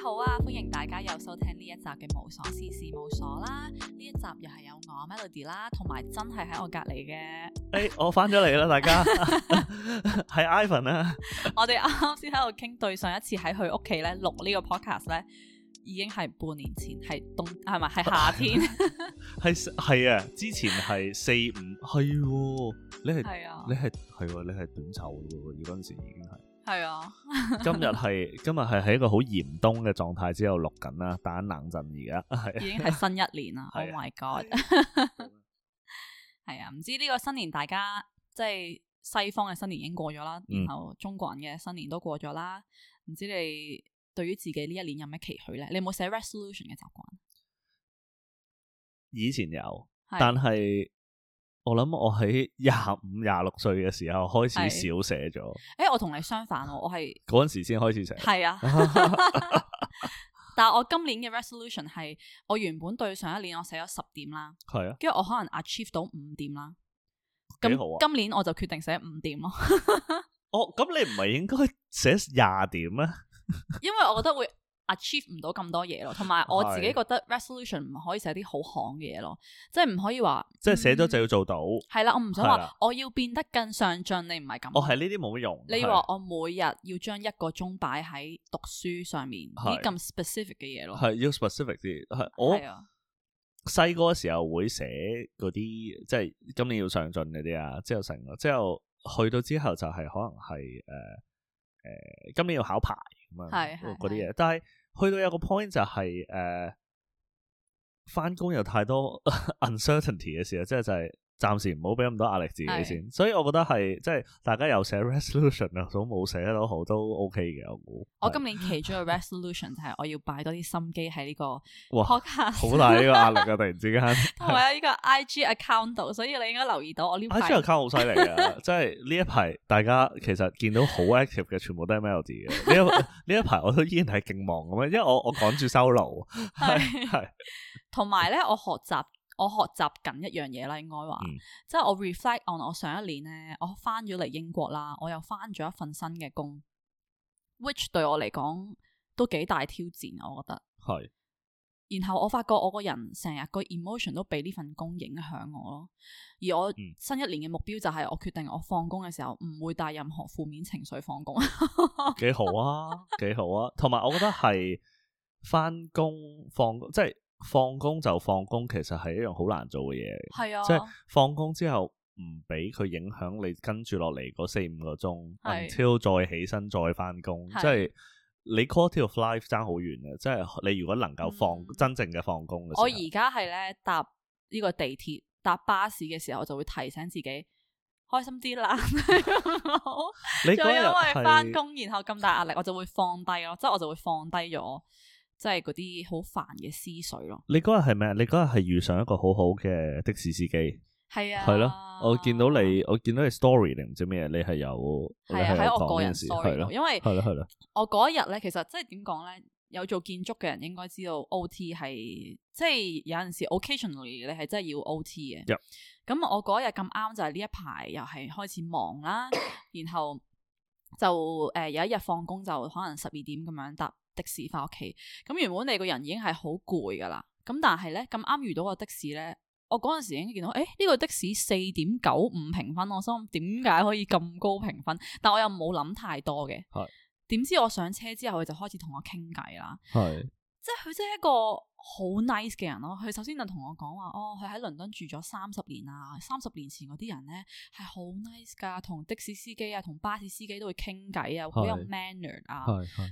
好啊！歡迎大家又收聽呢一集嘅無瑣事事務所啦。呢一集又係有我 Melody 啦，同埋真係喺我隔籬嘅。誒，我返咗嚟啦，大家係 Ivan 啊我剛剛。我哋啱啱先喺度傾對上一次喺佢屋企咧錄呢個 podcast 咧，已經係半年前，係冬係咪係夏天？係 係啊，之前係四五係、啊，你係是、啊、你係係、啊、你係短袖噶喎，而嗰陣時已經係。係啊， 今日係今日係喺一個好嚴冬嘅狀態，之後錄緊啦，打冷陣而家，已經係新一年啦。 的 Oh my god，係啊，唔 知呢個新年大家即係西方嘅新年已經過咗啦，然後中國人嘅新年都過咗啦，唔、嗯、知你對於自己呢一年有咩期許咧？你有冇寫 resolution 嘅習慣？以前有，的但係。我諗我喺廿五廿六歲嘅時候開始少寫咗。誒、欸,我同你相反，我係嗰陣時先開始寫。係是啊， 但係我今年嘅 resolution 係我原本對上一年我寫咗十點啦，係啊，跟住我可能 achieve 到五點啦。幾好啊！今年我就決定寫五點咯。 哦，咁你唔係應該寫廿點咩？ 因為我覺得會。achieve 唔到咁多嘢咯，同埋我自己覺得 resolution 唔可以寫啲好行嘅嘢咯，即係唔可以話，即係寫咗就要做到。係啦、嗯，我唔想話我要變得更上進，你唔係咁。哦，係呢啲冇用。你話我每日要將一個鐘擺喺讀書上面，呢咁的 specific 嘅嘢咯，係要 specific 啲。係我細個嘅時候會寫嗰啲，即係今年要上進嗰啲啊，之後成個，之後去到之後就係可能係誒誒，今年要考牌咁樣，嗰啲嘢，但係。去到有個 point，就係，誒，返工有太多 uncertainty 嘅事啦，即係就係。暫時唔好俾咁多壓力自己先，所以我覺得係即係大家有寫 resolution 啊，都冇寫到好都 OK 嘅。我估我今年其中嘅 resolution 就係我要擺多啲心機喺呢個 podcast 哇，好大呢個壓力啊！突然之間同埋有呢個 IG account 度，所以你應該留意到我呢排。啊，呢個 IG account 好犀利㗎！即係呢一排大家其實見到好 active 嘅，全部都係 Melody 嘅。呢一呢一排我都依然係勁忙噉樣。因為我我趕住收樓，係係同埋咧我學習。我學習緊一樣嘢啦，應該話，嗯、即係我 reflect on 我上一年咧，我翻咗嚟英國啦，我又翻咗一份新嘅工，which 對我嚟講都幾大挑戰，我覺得。係。是 然後我發覺我個人成日個 emotion 都俾呢份工影響我咯，而我新一年嘅目標就係我決定我放工嘅時候唔、嗯、會帶任何負面情緒放工。幾 好啊，幾好啊，同埋我覺得係翻工放即係。放工就放工，其實係一樣好難做嘅嘢。係啊，即係放工之後唔俾佢影響你跟住落嚟嗰四五個鐘 until 再起身再翻工係。即係你 quality life 爭好遠嘅，即係你如果能夠放真正嘅放工嘅時候，嗯。我而家係咧搭呢個地鐵搭巴士嘅時候，我就會提醒自己開心啲啦。你嗰日因為翻工，然後咁大壓力，我就會放低咯，即係我就會放低咗。 即係嗰啲好煩嘅思緒咯。你嗰日係咩？你嗰日係遇上一個好好嘅的士司機，係啊，係咯。我見到你，我見到你 story 定唔知咩？你係有係喺、啊、我個人 story 咯了。因為係咯係咯。啊啊、我嗰一日咧，其實即係點講咧？有做建築嘅人應該知道 O.T. 係即係有陣時 occasionally 你係真係要 O.T. 嘅。咁 Yep. 我嗰日咁啱就係呢一排又係開始忙啦， 然後就誒、呃、有一日放工就可能十二點咁樣搭。的士翻屋企，咁原本你個人已經係好攰噶啦，咁但係咧，咁啱遇到個的士咧，我嗰陣時已經見到，誒，呢個的士四點九五評分，我想點解可以咁高評分？但我又冇諗太多嘅，點是知我上車之後佢就開始同我傾偈啦，是即係佢真係一個。好 nice 嘅人咯，啊，佢首先就同我講話，哦，佢喺倫敦住咗三十年啊，三十年前嗰啲人咧係好 nice 噶，同的，的士司機啊，同巴士司機都會傾偈啊，好有 manner 啊，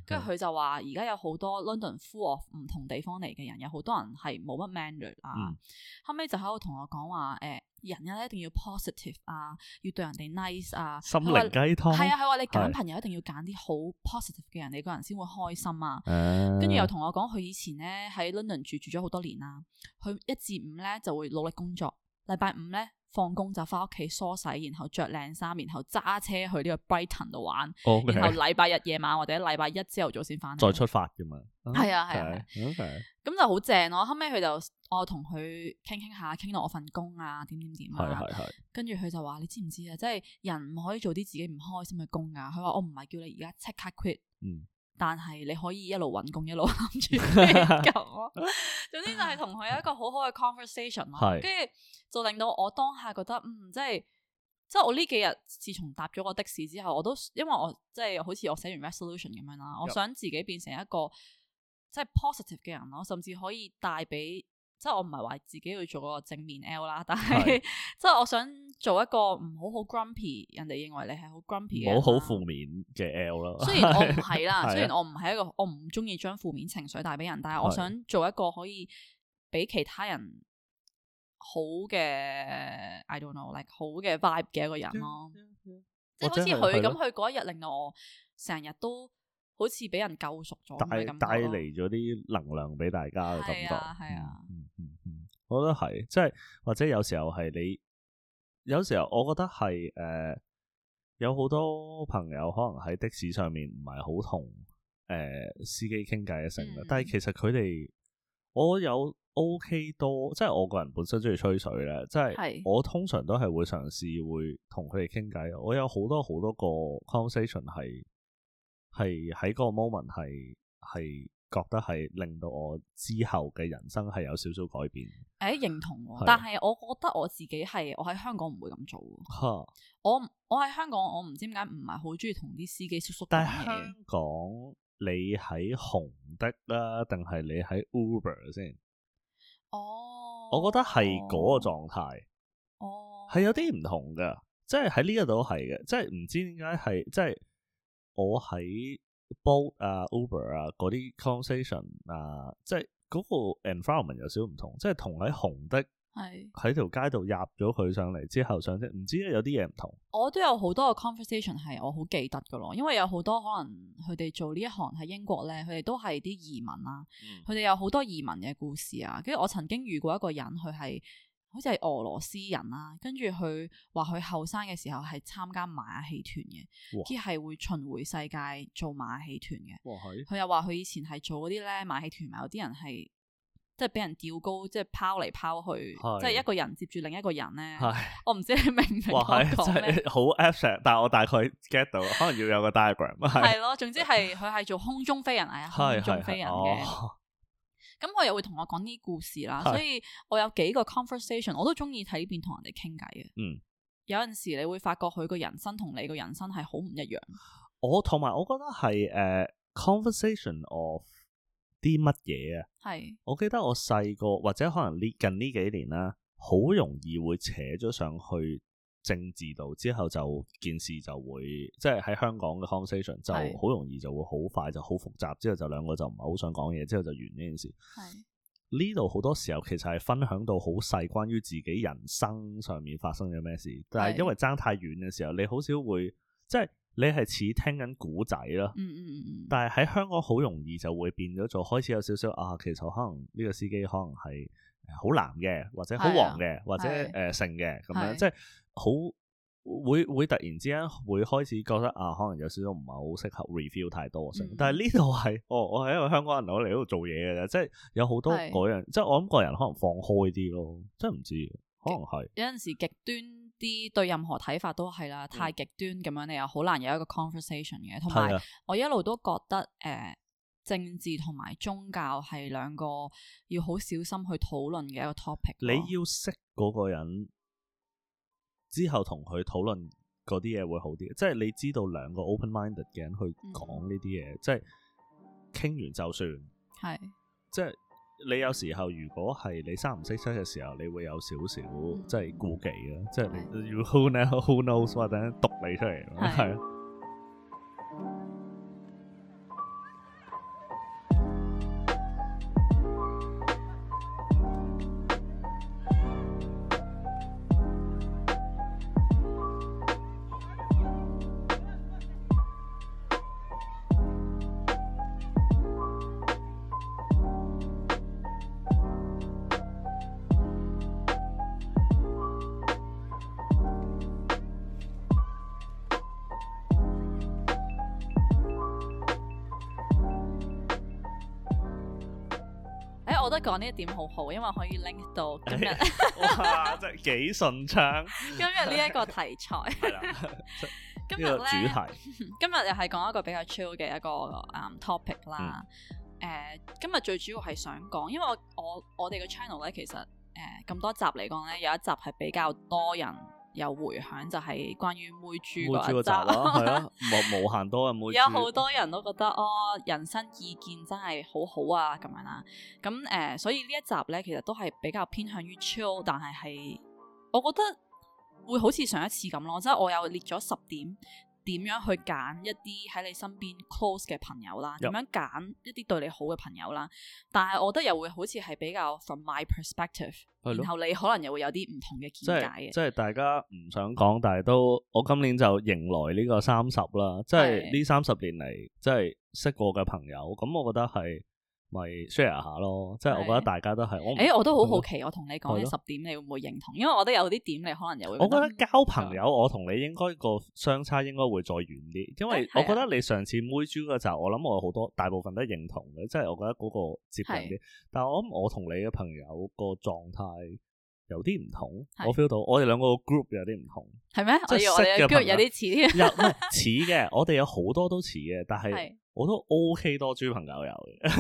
跟住佢就話而家有好多 London full of 唔同地方嚟嘅人，有好多人係冇乜 manner 啊，嗯、後尾就喺度同我講話，誒。人咧一定要 positive 啊，要對人哋 nice 啊，心靈雞湯。係啊說，係話 你揀朋友一定要揀啲好 positive 嘅人，你個是的 人先會開心啊。是的 跟住又同我講，佢以前咧喺 London 住住咗好多年啦，佢一至五咧就會努力工作，禮拜五咧。放工就翻屋企梳洗，然後着靚衫，然後揸車去呢個 Brighton 度玩，Okay. 然後禮拜日夜晚或者禮拜一朝頭早先翻，再出發嘅嘛。係啊係啊，OK，咁就好正咯。後尾佢就我同佢傾傾下，傾到我份工啊點點點啊，跟住佢就話：你知唔知啊？即係人唔可以做啲自己唔開心嘅工啊。佢話我唔係叫你而家即刻 quit。嗯。但係你可以一路揾工，一路諗住咁咯。 總之就係同佢有一個好好嘅 conversation 咯是。跟住就令到我當下覺得，嗯，即係即係我呢幾日，自從搭咗個的士之後，我都因為我即係好似我寫完 resolution 咁樣啦， 我想自己變成一個即係 positive 嘅人咯，甚至可以帶俾。即係我唔係話自己去做個正面 L 啦，但係是即係我想做一個唔好好 grumpy，人哋認為你係好 grumpy 嘅，唔好好負面嘅 L 啦。雖然我唔係啦， 啊、雖然我唔係一個，我唔中意將負面情緒帶俾人，但係我想做一個可以俾其他人好嘅是，I don't know，like 好嘅 vibe 嘅一個人咯。是即係好似佢咁，佢嗰、啊、一日令到我成日都好似俾人救贖咗，帶帶嚟咗啲能量俾大家嘅感覺，係啊。我覺得係，即係或者有時候係你有時候我覺得係誒、呃，有好多朋友可能喺的士上面唔係好同誒司機傾偈嘅性格，嗯、但係其實佢哋我有 OK 多，即係我個人本身中意吹水咧，即係我通常都係會嘗試會同佢哋傾偈，是我有好多好多個 conversation 係係喺個 moment 係係。覺得係令到我之後嘅人生係有少少改變、欸，誒認同、喔，是但係我覺得我自己係我喺香港唔會咁做哈我，我我喺香港我唔知點解唔係好中意同啲司機叔叔講嘢。但係香港你喺紅的啦，定係你喺 Uber 先？哦，我覺得係嗰個狀態，哦係有啲唔同噶、哦，即係喺呢一度係嘅，即係唔知點解係，即係我喺。boat 啊，Uber 啊，嗰啲 conversation 啊、uh,，即係嗰個 environment 有少唔同，即係同喺紅的係喺條街度入咗佢上嚟之後上，上即唔知有啲嘢唔同。我都有好多嘅 conversation 係我好記得噶咯，因為有好多可能佢哋做呢一行喺英國咧，佢哋都係啲移民啊，佢哋、嗯、有好多移民嘅故事啊。跟住我曾經遇過一個人，佢係。好似係俄羅斯人啦、啊，跟住佢話佢後生嘅時候係參加馬戲團嘅，即係哇會巡迴世界做馬戲團嘅。佢又話佢以前係做嗰啲咧馬戲團，有啲人係即係俾人吊高，即係拋嚟拋去，即係是一個人接住另一個人咧。係是我唔知你明唔明講咩？係好 abstract，但係我大概 get 到， 可能要有個 diagram。係咯，總之係佢係做空中飛人啊，空中飛人嘅。咁、嗯、我又會同我講啲故事啦，是所以我有幾個 conversation，我都中意睇呢邊同人哋傾偈嘅。嗯、有陣時你會發覺佢個人生同你個人生係好唔一樣。我同埋我覺得係誒、uh, conversation of 啲乜嘢啊？係是，我記得我細個或者可能呢近呢幾年啦，好容易會扯咗上去政治度之後就件事就會即係喺香港嘅 conversation 是就好容易就會好快就好複雜，之後就兩個就唔係好想講嘢，之後就完呢件事。係呢度好多時候其實係分享到好細關於自己人生上面發生咗咩事，但係因為差太遠嘅時候，你好少會即係你係似聽緊古仔啦。嗯嗯嗯嗯。但係喺香港好容易就會變咗做開始有少少啊，其實可能呢個司機可能係好藍嘅，或者好黃嘅，啊、或者誒是、呃、成嘅咁樣，即係是。是好會會突然之間會開始覺得啊，可能有少少唔係好適合 review 太多，嗯，但係呢度係，哦，我係一個香港人，我嚟呢度做嘢嘅啫，即、就、係、是、有好多嗰樣，即係是我諗個人可能放開啲咯，真係唔知，可能係有陣時極端啲對任何睇法都係啦，嗯、太極端咁樣你又好難有一個 conversation 嘅，同埋、啊、我一路都覺得誒、呃，政治同埋宗教係兩個要好小心去討論嘅一個 topic。你要識嗰個人。之後同佢討論嗰啲嘢會好啲，即係你知道兩個 open minded 嘅人去講呢啲嘢，嗯、即係傾完就算係。是即係你有時候如果係你三唔識七嘅時候，你會有少少即係顧忌嘅，嗯、即係你要、嗯、who know ,who knows 或者讀你出嚟係。是呢一點好好，因為可以 link 到今日，哎、呀 哇，真係幾順暢。今日呢一個題材， 的 今日咧呢，主題今日又係講一個比較 chill 嘅一個啊、um, topic 啦。誒、嗯呃，今日最主要係想講，因為我我我哋嘅 channel 咧，其實誒咁、呃、多集嚟講咧，有一集係比較多人。有回響就係關於妹豬嗰集啦，冇、 啊、無，無限多人妹豬。 有好多人都覺得哦，人生意見真係好好啊咁樣啦。咁誒、呃，所以呢一集咧，其實都係比較偏向於 chill，但係係我覺得會好似上一次咁咯，即、就、係、是、我又列咗十點。點樣去揀一啲喺你身邊 close 嘅朋友啦？點樣揀一啲對你好嘅朋友啦？但係我覺得又會好似係比較 from my perspective，的然後你可能又會有啲唔同嘅見解嘅。即係即係大家唔想講，但係都我今年就迎來呢個三十啦。即係呢三十年嚟，即係識過嘅朋友，咁我覺得係。咪 share 下咯，即係我覺得大家都係我。誒，我都好好奇，我同你講十點，你會唔會認同？因為我都有啲點，你可能又會。我覺得交朋友，我同你應該個相差應該會再遠啲，因為我覺得你上次妹豬嘅時候，我諗我好多大部分都認同嘅，即係我覺得嗰個接近啲。但係我諗我同你嘅朋友個狀態有啲唔同，我 feel 到我哋兩個 group 有啲唔同。係咩？即係我嘅 group 有啲似嘅，唔係似嘅。我哋有好多都似嘅，但係。我都 OK 多豬朋友友嘅，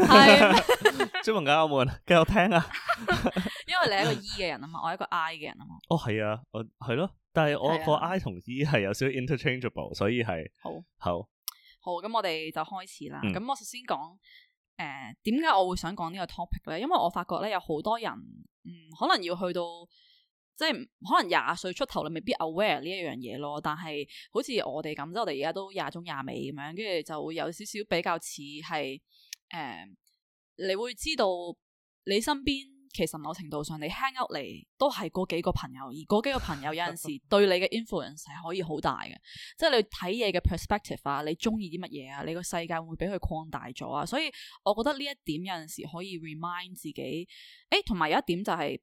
豬朋友友們繼續聽啊 因為你係一個 E 嘅人啊嘛，我係一個 I 嘅人啊嘛，哦係啊，我係咯，但係我個的 I e 同 E 係有少少 interchangeable，所以係好好好，咁好我哋就開始啦，咁、嗯、我首先講，誒、呃，點解我會想講個呢個 topic 咧？因為我發覺咧有好多人，嗯，可能要去到。即係可能廿歲出頭，你未必 aware 呢一樣嘢咯。但係好似我哋咁，即我哋而家都廿中廿尾咁樣，跟住就會有少少比較似係誒，你會知道你身邊其實某程度上你 hang out 嚟都係嗰幾個朋友，而嗰幾個朋友有陣時對你嘅 influence 係可以好大嘅。即係你睇嘢嘅 perspective 啊，你中意啲乜嘢啊，你個世界會俾佢擴大咗啊。所以我覺得呢一點有陣時可以 remind 自己。誒，同埋有一點就係、是。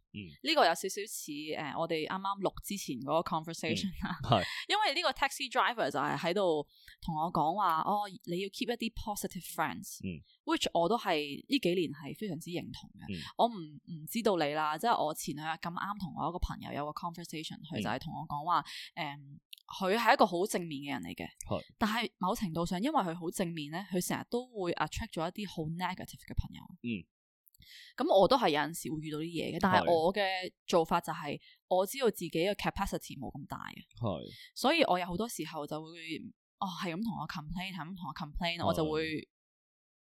呢、嗯、個有少少似誒，我哋啱啱錄之前嗰個 conversation 啦、嗯，係因為呢個 taxi driver 就係喺度同我講話，哦，你要 keep 一啲 positive friends，which、嗯、我都係呢幾年係非常之認同嘅。嗯、我唔唔知道你啦，即、就、係、是、我前兩日咁啱同我一個朋友有個 conversation，佢就係同我講話，誒，佢係一個好、嗯嗯、正面嘅人嚟嘅，嗯、但係某程度上因為佢好正面咧，佢成日都會 attract 咗一啲好 negative 嘅朋友。嗯。咁我都係有陣時會遇到啲嘢嘅，但係我嘅做法就係我知道自己嘅 capacity 冇咁大嘅，係是，所以我有好多時候就會，哦，係咁同我 complain，係咁同我 complain，我就會。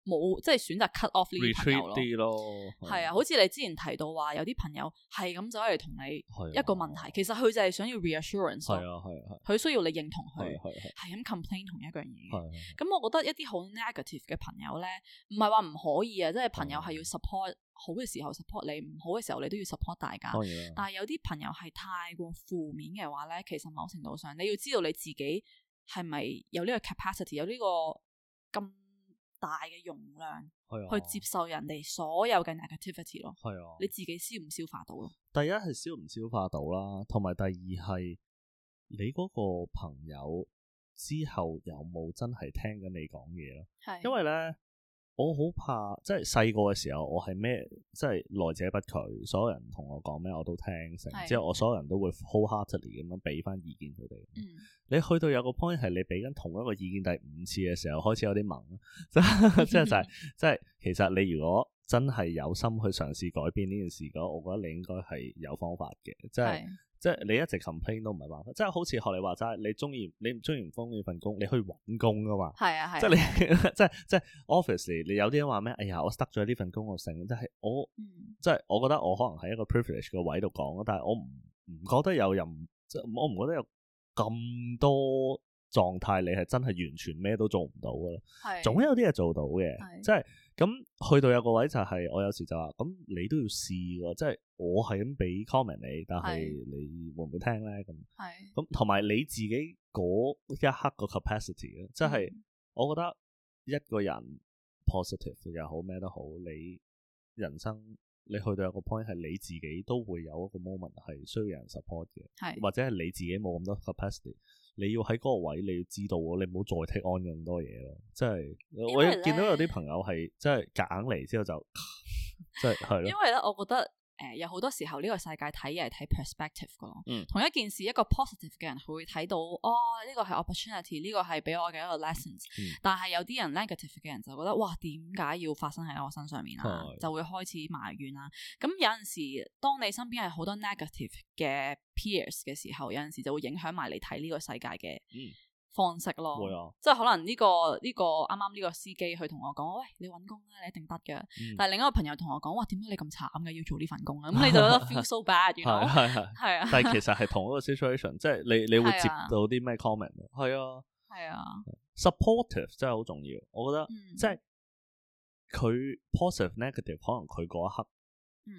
冇即係選擇 cut off 呢啲朋友咯，係啊，好似你之前提到話有啲朋友係咁走嚟同你一個問題，其實佢就係想要 reassurance，係啊係，佢需要你認同佢，係咁 complain 同一樣嘢嘅，咁我覺得一啲好 negative 嘅朋友咧，唔係話唔可以啊，即係朋友係要 support，好嘅時候 support 你，唔好嘅時候你都要 support 大家，但係有啲朋友係太過負面嘅話咧，其實某程度上你要知道你自己係咪有呢個 capacity，有呢個咁。大嘅容量的，係啊，去接受人哋所有嘅 negativity 咯，係啊的，你自己消唔消化到咯？第一係消唔消化到啦，同埋第二係你嗰個朋友之後有冇真係聽緊你講嘢咧？係，是的 因為咧。我好怕，即係細個嘅時候，我係咩，即係來者不拒，所有人同我講咩我都聽成，即係是我所有人都會 wholeheartedly 咁樣俾翻意見佢哋。嗯、你去到有個 point 係你俾緊同一個意見第五次嘅時候，開始有啲猛 即係就係即係，其實你如果真係有心去嘗試改變呢件事嘅話，我覺得你應該係有方法嘅，即係。即係你一直 complain 都唔係辦法，即係好似學你話齋，你中意你唔中意唔封呢份工，你可以揾工㗎嘛。係啊係。啊即係你、啊、 即係即係 office 你有啲人話咩？哎呀，我 stuck 咗呢份工度成，即係我、嗯、即係我覺得我可能喺一個 privilege 嘅位度講咯，但係我唔唔覺得有人，即係我唔覺得有咁多狀態，你係真係完全咩都做唔到噶啦。係是總有啲嘢做到嘅，即係是。就是。咁去到有個位就係，我有時就話，咁你都要試喎，即係我係咁俾 comment 你，但係你會唔會聽咧？咁，咁同埋你自己嗰一刻個 capacity 咧，即是係的 我覺得一個人 positive 又好咩都好，你人生你去到有個 point 係你自己都會有一個 moment 係需要有人 support 嘅，是的 或者係你自己冇咁多 capacity。你要喺嗰個位，你要知道，你唔好再 take on 咁多嘢咯。即係為我一見到有啲朋友係，即係夾硬嚟之後就，即係係咯。因為咧，我覺得。誒、呃，有好多時候呢個世界睇嘢係睇 perspective 噶咯，嗯、同一件事一個 positive 嘅人佢會睇到，哦，呢個係 opportunity，呢個係俾我嘅一個 lessons。嗯、但係有啲人 negative 嘅人就覺得，哇，點解要發生喺我身上面啊？嘿 就會開始埋怨啦、啊。咁有陣時，當你身邊係好多 negative 嘅 peers 嘅時候，有陣時就會影響埋你睇呢個世界嘅。嗯方式咯，會啊、即係可能呢、這個呢、這個啱啱呢個司機去同我講，喂，你揾工咧、啊，你一定得嘅。但係另一個朋友同我講，嘩點解你咁慘嘅，要做呢份工啊？咁 你就覺得 feel so bad。係係係啊！但係其實係同一個 situation， 即係你你會接到啲咩 comment？係 啊係啊,啊，supportive、really、真係好重要。嗯、我覺得即係佢 positive negative，可能佢嗰一刻，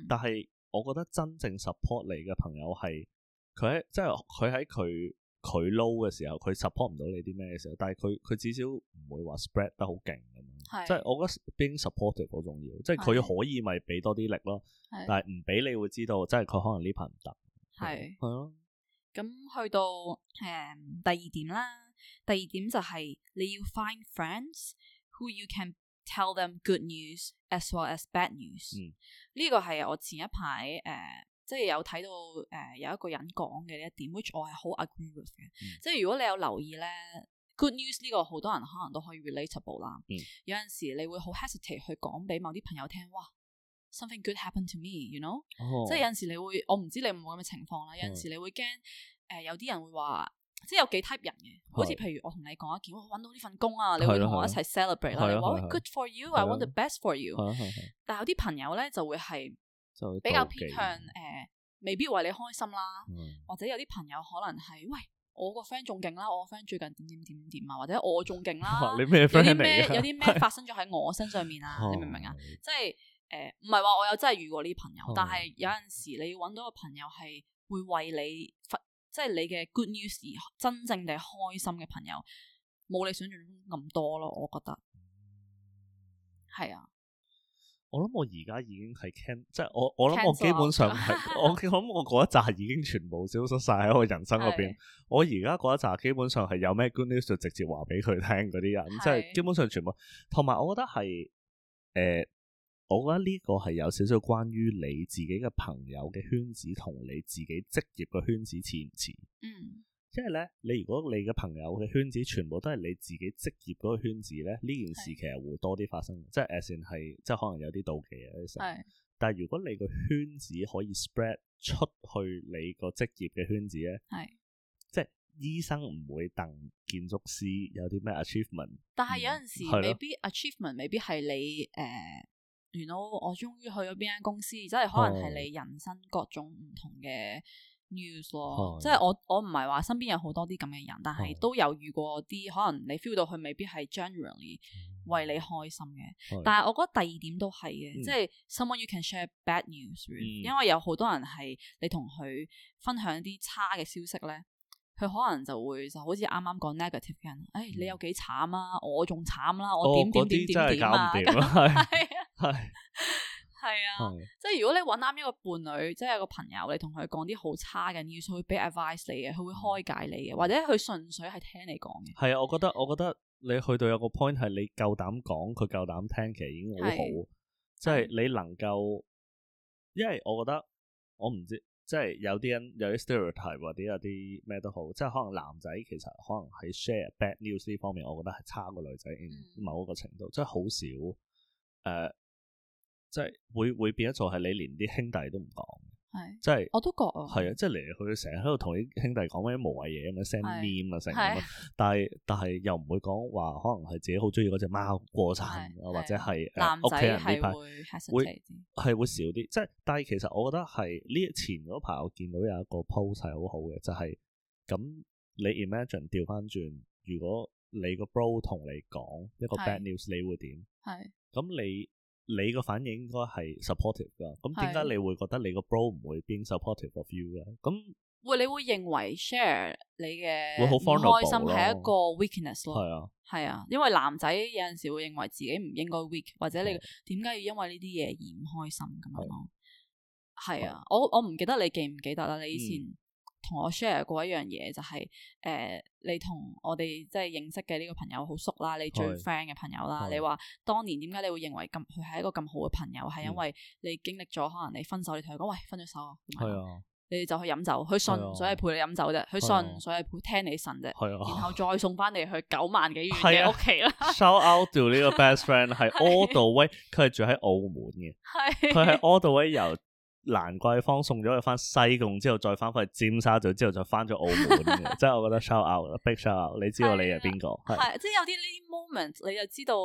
但係我覺得真正 support 你嘅朋友係佢喺即係佢喺佢。佢佢 low 嘅時候，佢 support 唔到你啲咩嘅時候，但係佢佢至少唔會話 spread 得好勁咁樣，是即係我覺得 being supportive 好重要，即係佢可以咪俾多啲力咯，是但係唔俾你會知道，即係佢可能呢排唔得。係係咯。咁、啊、去到誒、uh, 第二點啦，第二點就係、是、你要 find friends who you can tell them good news as well as bad news。嗯，呢個係我前一排誒。Uh, 即係有睇到誒有一個人講嘅呢一點，which 我係好 agree with 嘅。即係如果你有留意咧，good news 呢個好多人可能都可以 relatable 啦。有陣時你會好 hesitate 去講俾某啲朋友聽，哇，something good happen to me，you know。即係有陣時你會，我唔知你有冇咁嘅情況啦。有陣時你會驚誒有啲人會話，即係有幾 type 人嘅。好似譬如我同你講一件，我揾到呢份工啊，你會同我一齊 celebrate 啦。你話 good for you，I want the best for you。但係有啲朋友咧就會係。比較偏向誒、呃，未必為你開心啦，嗯、或者有啲朋友可能係喂，我個 friend 仲勁啦，我個 friend 最近點點點點啊，或者我仲勁啦，你咩 friend，有啲咩有啲咩發生咗喺我身上面啊？嗯、你明唔明啊？即係誒，唔係話我真有真係遇過呢啲朋友，嗯、但係有陣時你要搵到個朋友係會為你即係、就是、你嘅 good news 而真正地開心嘅朋友，冇你想象中咁多咯。我覺得係啊。我諗我而家已經係 can，即係我我諗我基本上係 cancel. 我諗我嗰一扎已經全部消失晒喺我人生嗰邊。的我而家嗰一扎基本上係有咩 good news 就直接話俾佢聽嗰啲人，即係的基本上全部。同埋我覺得係，誒、呃，我覺得呢個係有少少關於你自己嘅朋友嘅圈子同你自己職業嘅圈子似唔似？嗯即係咧，你如果你嘅朋友嘅圈子全部都係你自己職業嗰個圈子咧，呢件事其實會多啲發生是的 即。即係誒算係，即係可能有啲妒忌嘅嗰啲時候。是的 但係如果你個圈子可以 spread 出去你個職業嘅圈子咧，是的 即係醫生唔會戥建築師有啲咩 achievement。但係有陣時未必 achievement，未必係你誒，原來我終於去咗邊間公司，即係可能係你人生各種唔同嘅。news 咯， 即係我 我唔係話身邊有好多啲咁嘅人，但係都有遇過啲可能你 feel 到佢未必係 generally 為你開心嘅。 但係我覺得第二點都係嘅，即係 someone you can share bad news， 因為有好多人係你同佢分享啲差嘅消息咧，佢可能就會就好似啱啱講 negative 嘅人，誒、哎，你有幾慘啦，我仲慘啦，我點點點點點啊，係係。係啊，嗯、即係如果你搵啱一個伴侶，即、就、係、是、個朋友，你同佢講啲好差嘅嘢，佢會俾 advice 你嘅，佢會開解你嘅，或者佢純粹係聽你講嘅。係啊，我覺得，我覺得你去到有個 point 係你夠膽講，佢夠膽聽，其實已經好好，即係是你能夠，的因為我覺得我唔知，即、就、係、是、有啲人有啲 stereotype 或者有啲咩都好，即、就、係、是、可能男仔其實可能喺 share bad news 呢方面，我覺得係差過女仔，某一個程度，即係好少誒。呃即係會會變咗做係你連啲兄弟都唔講，係即係我都覺啊，係啊，即係嚟去成日喺度同啲兄弟講咩無謂嘢，咁樣聲唸啊成咁啊，但係但係又唔會講話，可能係自己好中意嗰隻貓過世啊，或者係屋企人呢排係會係會少啲，即係但係其實我覺得係呢前嗰排我見到有一個 post 係好好嘅，就係咁你 imagine 掉翻轉，如果你個 bro 同你講一個 bad news，你會點？係咁你。你個反應應該係 supportive 噶咁點解你會覺得你個 bro 唔會 being supportive of you 咧？咁會你會認為 share 你嘅會好唔開心係一個 weakness 咯？係啊，係啊，因為男仔有陣時會認為自己唔應該 weak，或者你點解要因為呢啲嘢而唔開心咁樣咯？係啊，啊，啊，我我唔記得你記唔記得啦？你以前。嗯同我 share 過一樣嘢，就係誒你同我哋即係認識嘅呢個朋友好熟啦，你最 friend 嘅朋友啦，你話當年點解你會認為咁佢係一個咁好嘅朋友，係因為你經歷咗可能你分手，你同佢講，喂，分咗手啊，係啊。」你哋就去飲酒，佢信所以陪你飲酒啫，佢信所以聽你信啫，然後再送翻你去九萬幾遠嘅屋企啦。Shout out to 呢個 best friend 係 All the way，佢係住喺澳門嘅，佢係 All the way 由蘭桂坊送咗佢翻西貢之後，再翻翻尖沙咀之後，再翻咗澳門即係我覺得 shout out，big shout out, out。你知道你係邊個？係、啊、即係有啲呢啲 moment，你就知道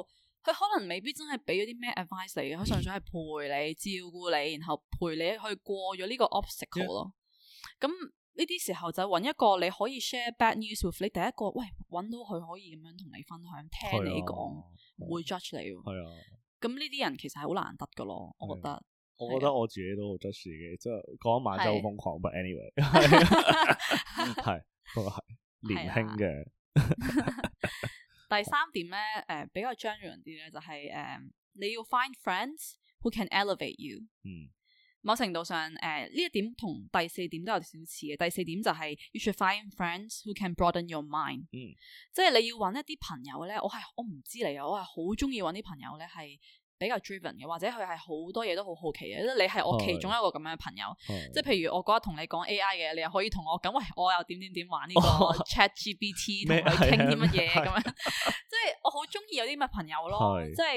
佢可能未必真係俾咗啲咩 advice 你，佢純粹係陪你、照顧你，然後陪你去過咗呢個 obstacle 咯。咁呢啲時候就揾一個你可以 share bad news with，你第一個喂揾到佢可以咁樣同你分享，聽你講，唔會 judge 你。係啊，咁呢啲人其實係好難得噶咯，我覺得。我覺得我自己都好出事嘅，即係嗰一晚真係好瘋狂，但係 anyway 係，都係年輕嘅。第三點咧，誒比較 general 啲咧，就係誒你要 find friends who can elevate you。嗯，某程度上誒呢一點同第四點都有少少似嘅。第四點就係 you should find friends who can broaden your mind。嗯，即係你要揾一啲朋友咧，我係我唔知你呀，我係好中意揾啲朋友咧係，比較 driven 嘅，或者佢係好多嘢都好好奇嘅。即你係我其中一個咁樣嘅朋友，是即係譬如我嗰日同你講 A. I. 嘅，你又可以同我咁喂，我又點點點玩呢個 Chat G. B. T. 同佢傾啲乜嘢咁樣？ 即係我好中意有啲乜朋友咯，是即係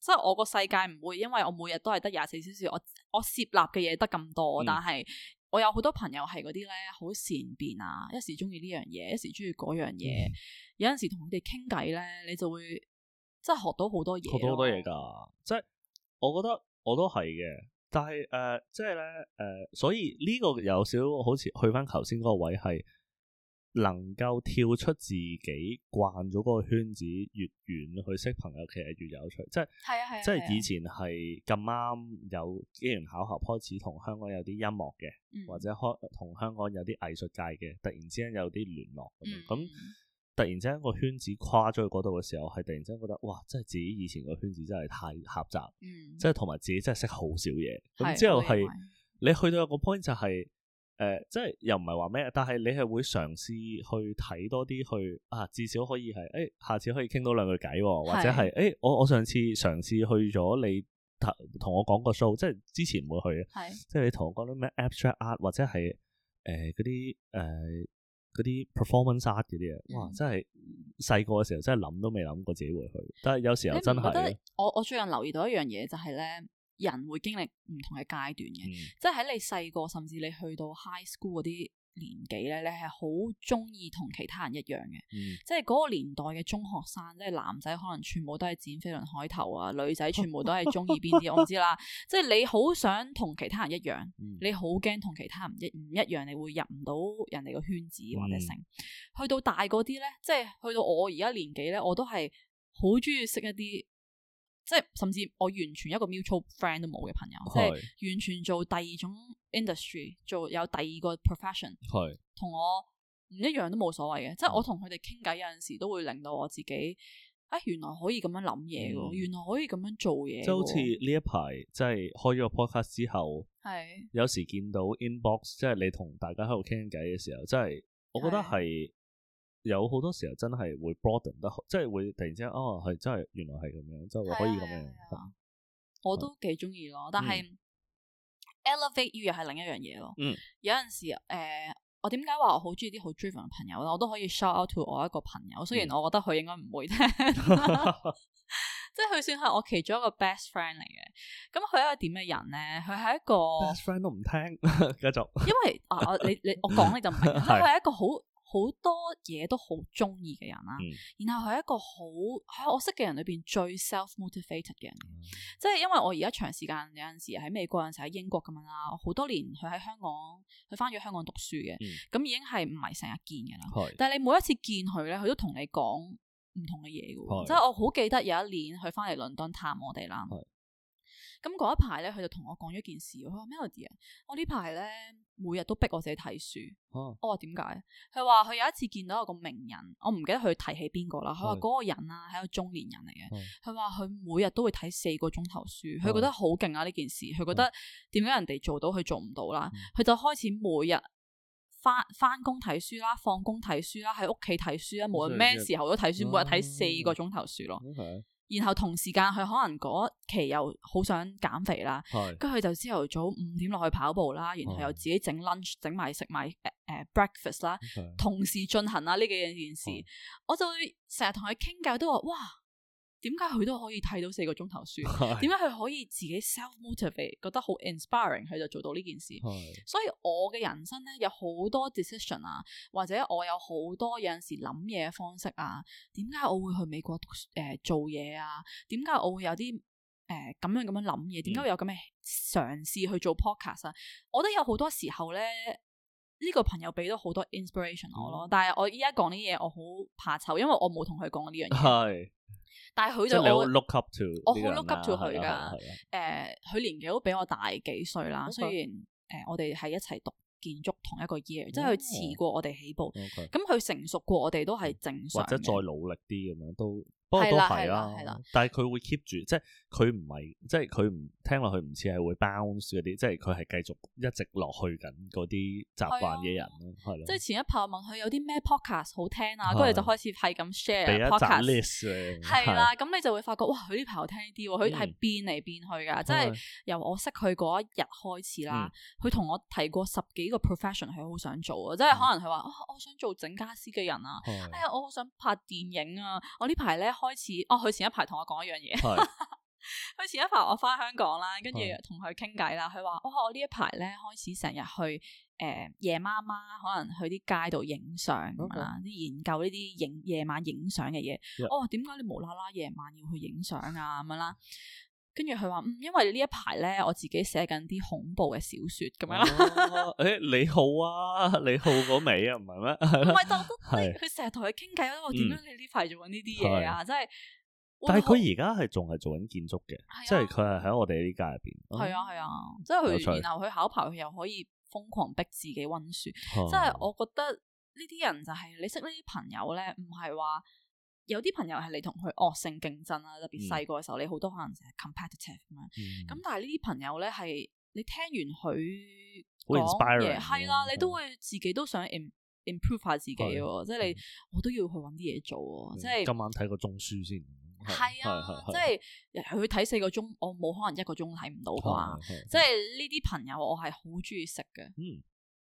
即係我個世界唔會，因為我每日都係得廿四小時，我我接納嘅嘢得咁多，嗯、但係我有好多朋友係嗰啲咧好善變啊，一時中意呢樣嘢，一時中意嗰樣嘢，嗯、有陣時同佢哋傾偈咧，你就會。即係學到好多嘢，啊、學到好多嘢㗎！ 即係我覺得我都係嘅，但係誒，即係咧誒，所以呢個有少少好似去翻頭先嗰個位，係能夠跳出自己慣咗嗰個圈子，越遠去識朋友其實越有趣。即係係啊係啊，啊即係以前係咁啱有機緣巧合開始同香港有啲音樂嘅，嗯、或者開同香港有啲藝術界嘅，突然之間有啲聯絡咁咁。嗯麼突然之間個圈子跨咗去嗰度嘅時候，係突然之間覺得哇，真係自己以前個圈子真係太狹窄，嗯、即係同埋自己真係識好少嘢。咁之是後係你去到有個 point 就係、是、誒，即、呃、係又唔係話咩？但係你係會嘗試去睇多啲，去啊，至少可以係誒、哎，下次可以傾多兩句偈，或者係誒，我我上次嘗試去咗你同我講個 show，即係之前唔會去嘅，即係你同我講啲咩 abstract art 或者係誒嗰啲誒。呃呃呃呃呃呃嗰啲 performance art 啲嘢，哇！真係細個嘅時候真係諗都未諗過自己會去，但係有時候真係、啊，我我最近留意到一樣嘢，就係咧，人會經歷唔同嘅階段嘅，嗯、即係喺你細個，甚至你去到 high school 嗰啲年紀咧，你係好中意同其他人一樣嘅。嗯、即係嗰個年代嘅中學生，即係男仔可能全部都係剪飛輪海頭啊，女仔全部都係中意邊啲， 我唔知啦。即係你好想同其他人一樣，嗯、你好驚同其他人唔唔一,一樣，你會入唔到人哋個圈子或者成。嗯、去到大嗰啲咧，即係去到我而家年紀咧，我都係好中意識一啲。即係甚至我完全一個 mutual friend 都冇嘅朋友，是即係完全做第二種 industry，做有第二個 profession，同是我唔一樣都冇所謂嘅。是即係我同佢哋傾偈有陣時都會令到我自己，哎，原來可以咁樣諗嘢嘅，嗯、原來可以咁樣做嘢。就好似呢一排即係開咗個 podcast 之後，是有時見到 inbox，即係你同大家喺度傾偈嘅時候，即係我覺得係。有好多時候真係會 broaden 得，即係會突然之間哦，係真係原來係咁樣，即係可以咁樣。的嗯、我都幾中意咯，但係、嗯、elevate you 係另一樣嘢咯。嗯、有陣時誒，uh, 我點解話我好中意啲好 driven 嘅朋友咧？我都可以 shout out to 我一個朋友，雖然我覺得佢應該唔會聽，即係佢算係我其中一個 best friend 嚟嘅。咁佢係一個點嘅人咧？佢係一個 best friend 都唔聽，繼 繼續。 因為啊，你我你我講你就唔明。佢係一個好。 好多嘢都好中意嘅人啦，嗯、然後係一個好喺我識嘅人裏邊最 self motivated 嘅人，嗯、即係因為我而家長時間有陣時喺美國，有陣時喺英國咁樣啦。我好多年佢喺香港，佢翻咗香港讀書嘅，咁、嗯、已經係唔係成日見嘅啦。嗯、但係你每一次見佢咧，佢都同你講唔同嘅嘢喎。嗯、即係我好記得有一年佢翻嚟倫敦探我哋啦，咁嗰、嗯嗯、一排咧，佢就同我講咗件事。佢話：Melody 啊，我呢排咧。每日都逼我自己睇書，啊、我話，點解？佢話佢有一次見到一個名人，我唔記得佢提起邊個啦。佢話嗰個人啊，係一個中年人嚟嘅。佢話佢每日都會睇四個鐘頭書，佢是覺得好勁啊呢件事。佢是覺得，點解人哋做到佢做唔到啦？佢是就開始每日翻翻工睇書啦，放工睇書啦，喺屋企睇書啦，無論咩時候都睇書，每日睇四個鐘頭書咯。啊啊啊啊然後同時間佢可能嗰期又好想減肥啦，跟佢是就朝頭早五點落去跑步啦，然後又自己整 lunch 整埋食埋誒 breakfast 啦，呃、breakfast, Okay. 同時進行啊呢幾件事，是我就會成日同佢傾偈都話哇。點解佢都可以睇到四個鐘頭書？點解佢可以自己 self motivate？覺得好 inspiring，佢就做到呢件事。是的 所以我嘅人生咧有好多 decision 啊，或者我有好多有陣時諗嘢方式啊。點解我會去美國誒、呃、做嘢啊？點解我會有啲誒咁樣咁樣諗嘢？點解會有咁嘅嘗試去做 podcast 啊？嗯、我都有好多時候咧，呢、呢個朋友俾到好多 inspiration 我咯。嗯、但係我依家講呢啲嘢，我好怕醜，因為我冇同佢講呢樣嘢。但係佢就我 look up to，我好會、啊、look up to 佢噶。誒、啊，佢、啊啊呃、年紀都比我大幾歲啦。Okay. 雖然誒、呃，我哋係一齊讀建築同一個 year，Okay. 即係佢遲過我哋起步。咁佢 Okay. 成熟過我哋都係正常。或者再努力啲咁樣都。不過都係啦，但係佢會 keep 住，即係佢唔係，即係佢唔聽落去唔似係會 bounce 嗰啲，即係佢係繼續一直落去緊嗰啲習慣嘅人咯，係咯。即係前一排我問佢有啲咩 podcast 好聽啊？佢哋就開始係咁 share podcast list 係啦，咁你就會發覺哇，佢呢排好聽呢啲，佢係變嚟變去噶，即係由我識佢嗰一日開始啦。佢同我提過十幾個 profession 佢好想做啊，即係可能佢話我想做整家俬嘅人啊，哎呀，我好想拍電影啊，我呢排咧。開始哦，佢前一排同我講一樣嘢。佢是前一排我返香港啦，跟住同佢傾偈啦。佢話是：，哇，哦，我呢一排咧開始成日去誒、呃、夜媽媽，可能去啲街度影相啦，啲 Okay. 研究呢啲影夜晚影相嘅嘢。Yeah. 哦，點解你無啦啦夜晚要去影相啊？咁樣啦。跟住佢話，嗯，因為一呢一排咧，我自己寫緊啲恐怖嘅小説咁樣啦。誒你好啊，你好嗰尾啊，唔係咩？唔、嗯、係，但係佢成日同佢傾偈，我點解你呢排做緊呢啲嘢啊？嗯、即係，但係佢而家係仲係做緊建築嘅，即係佢係喺我哋呢家入邊。係啊係啊，即係佢，嗯啊、然後佢考牌，佢又可以瘋狂逼自己温書。即係、嗯、我覺得呢啲人就係、是、你識呢啲朋友咧，唔係話。有啲朋友係你同佢惡性競爭啊，特別細個嘅時候，你好多可能成日 competitive 咁樣。咁但係呢啲朋友咧，係你聽完佢講嘢係啦，你都會自己都想 improve 下自己喎。即係你我都要去揾啲嘢做。即係今晚睇個鐘書先。係啊，即係佢睇四個鐘，我冇可能一個鐘睇唔到啩？即係呢啲朋友，我係好中意識嘅。嗯。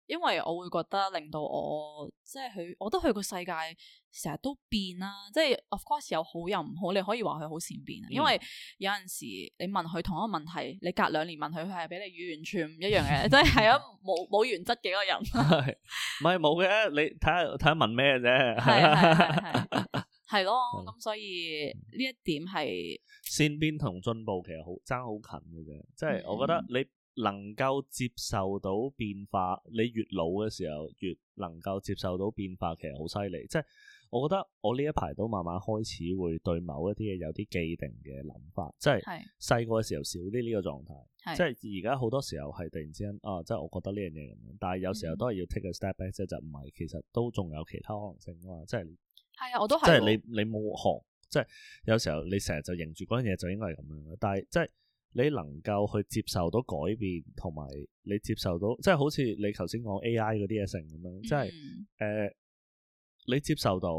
因為我會覺得令到我即係佢，我覺得佢個世界成日都變啦、啊，即係 of course 有好又唔好，你可以話佢好善變啊。嗯、因為有陣時，你問佢同一個問題，你隔兩年問佢，佢係俾你完全唔一樣嘅，即係係啊，冇冇原則嘅一個人。唔係冇嘅，你睇下睇下問咩啫。係係咯，咁 所以呢是、嗯、一點係善變同進步其實好爭好近嘅啫。即係我覺得你、嗯。能夠接受到變化，你越老嘅時候越能夠接受到變化，其實好犀利。即係我覺得我呢一排都慢慢開始會對某一啲嘢有啲既定嘅諗法，嗯、即係細個嘅時候少啲呢個狀態，是即係而家好多時候係突然之間啊，即係我覺得呢樣嘢咁樣，但係有時候都係要 take a step back，即係、嗯、就唔係，其實都仲有其他可能性噶嘛，即係係啊，我都係，即係你你冇學，即係有時候你成日就認住嗰樣嘢就應該係咁樣嘅，但係即係。你能夠去接受到改變，同埋你接受到，即係好似你頭先講 A.I. 嗰啲嘢性咁樣，嗯、即係誒、呃，你接受到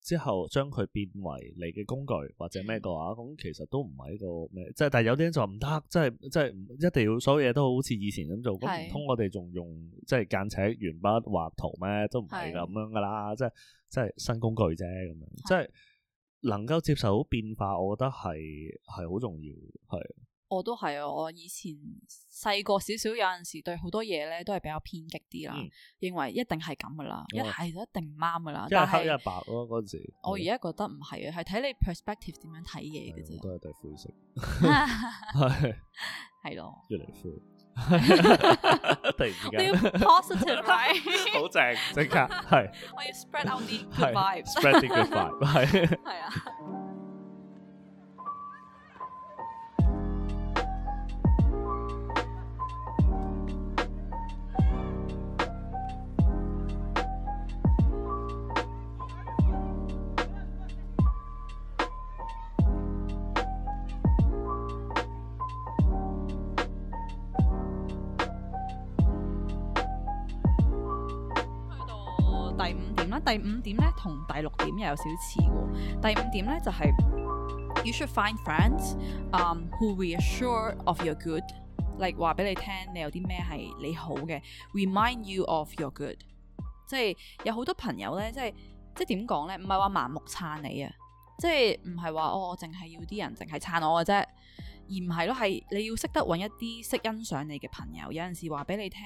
之後將佢變為你嘅工具或者咩嘅話，咁其實都唔係一個咩，即係但係有啲人就唔得，即係即係一定要所有嘢都好似以前咁做。咁唔通我哋仲用即係間尺鉛筆畫圖咩？都唔係咁樣噶啦，係即係即係新工具啫。咁樣即係係能夠接受到變化，我覺得係係好重要，係。我都係啊！我以前細個少少，有陣時對好多嘢咧都係比較偏激啲啦，認為一定係咁噶啦，一係就一定唔啱噶啦。一係黑一係白咯，嗰陣時。我而家覺得唔係啊，係睇你 perspective 點樣睇嘢嘅啫。都係戴灰色，係係咯，越嚟越灰。突然之間，你要 positive，right？好正，即刻係。我要 spread out 啲 good vibes，spread 啲 good vibes，係啊。啊，第五點咧，同第六點又有少似喎。第五點咧就係，you should find friends, um, who reassure of your good, like, 話俾你聽你有啲咩係你好嘅，remind you of your good 即。即係有好多朋友咧，即係即係點講咧，唔係話盲目撐你啊，即係唔係話哦，淨係要啲人淨係撐我嘅啫，而唔係咯，係你要識得揾一啲識欣賞你嘅朋友，有陣時話俾你聽。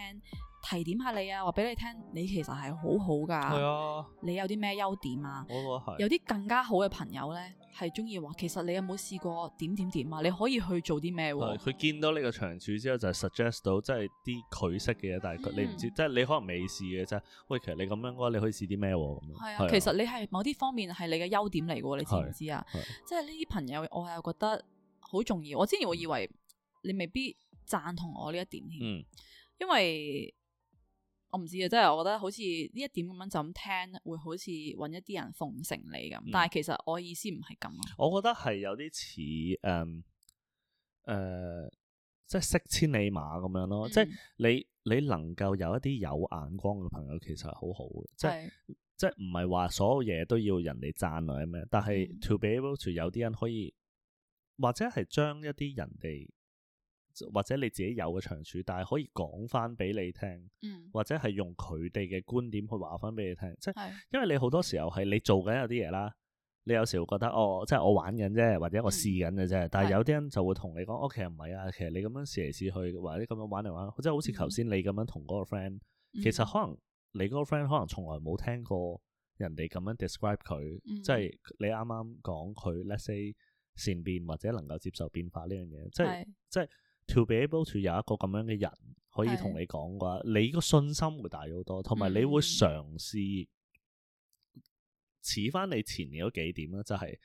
提點下你啊，話俾你聽，你其實係好好噶。係啊，你有啲咩優點啊？我係、哦。啊、有啲更加好嘅朋友咧，係中意話，其實你有冇試過點點點啊？你可以去做啲咩？啊？佢、啊、見到你個長處之後，就係、suggest 到，即係啲佢識嘅嘢，但係佢你唔知，嗯、即係你可能未試嘅啫。喂，其實你咁樣嘅話，你可以試啲咩？係啊，啊啊其實你係某啲方面係你嘅優點嚟嘅，你知唔知啊？啊即係呢啲朋友，我係覺得好重要。我之前我以為你未必贊同我呢一點添，嗯、因為。我唔知啊，即係我覺得好似呢一點咁樣就咁聽，會好似搵一啲人奉承你咁。嗯、但係其實我意思唔係咁啊。我覺得係有啲似誒誒，um, uh, 即係識千里馬咁樣咯。嗯、即係你你能夠有一啲有眼光嘅朋友，其實係好好嘅。嗯、即係是即係唔係話所有嘢都要人哋讚啊咩？但係 to be able to 有啲人可以，或者係將一啲人哋。或者你自己有嘅長處，但係可以講翻俾你聽，或者係用佢哋嘅觀點去話翻俾你聽，即係因為你好多時候係你做緊有啲嘢啦，你有時候覺得哦，即係我玩緊啫，或者我試緊嘅啫。但係有啲人就會同你講，哦，其實唔係啊，其實你咁樣試嚟試去，或者咁樣玩嚟玩，即係好似頭先你咁樣同嗰個 friend，其實可能你嗰個 friend 可能從來冇聽過人哋咁樣 describe 佢，即係你啱啱講佢 let's say 善變或者能夠接受變化呢樣嘢，即係即係。To be able to 有一個咁樣嘅人可以同你講嘅話，的你個信心會大好多，同埋你會嘗試似翻、嗯、你前面嗰幾點咧，就係、是、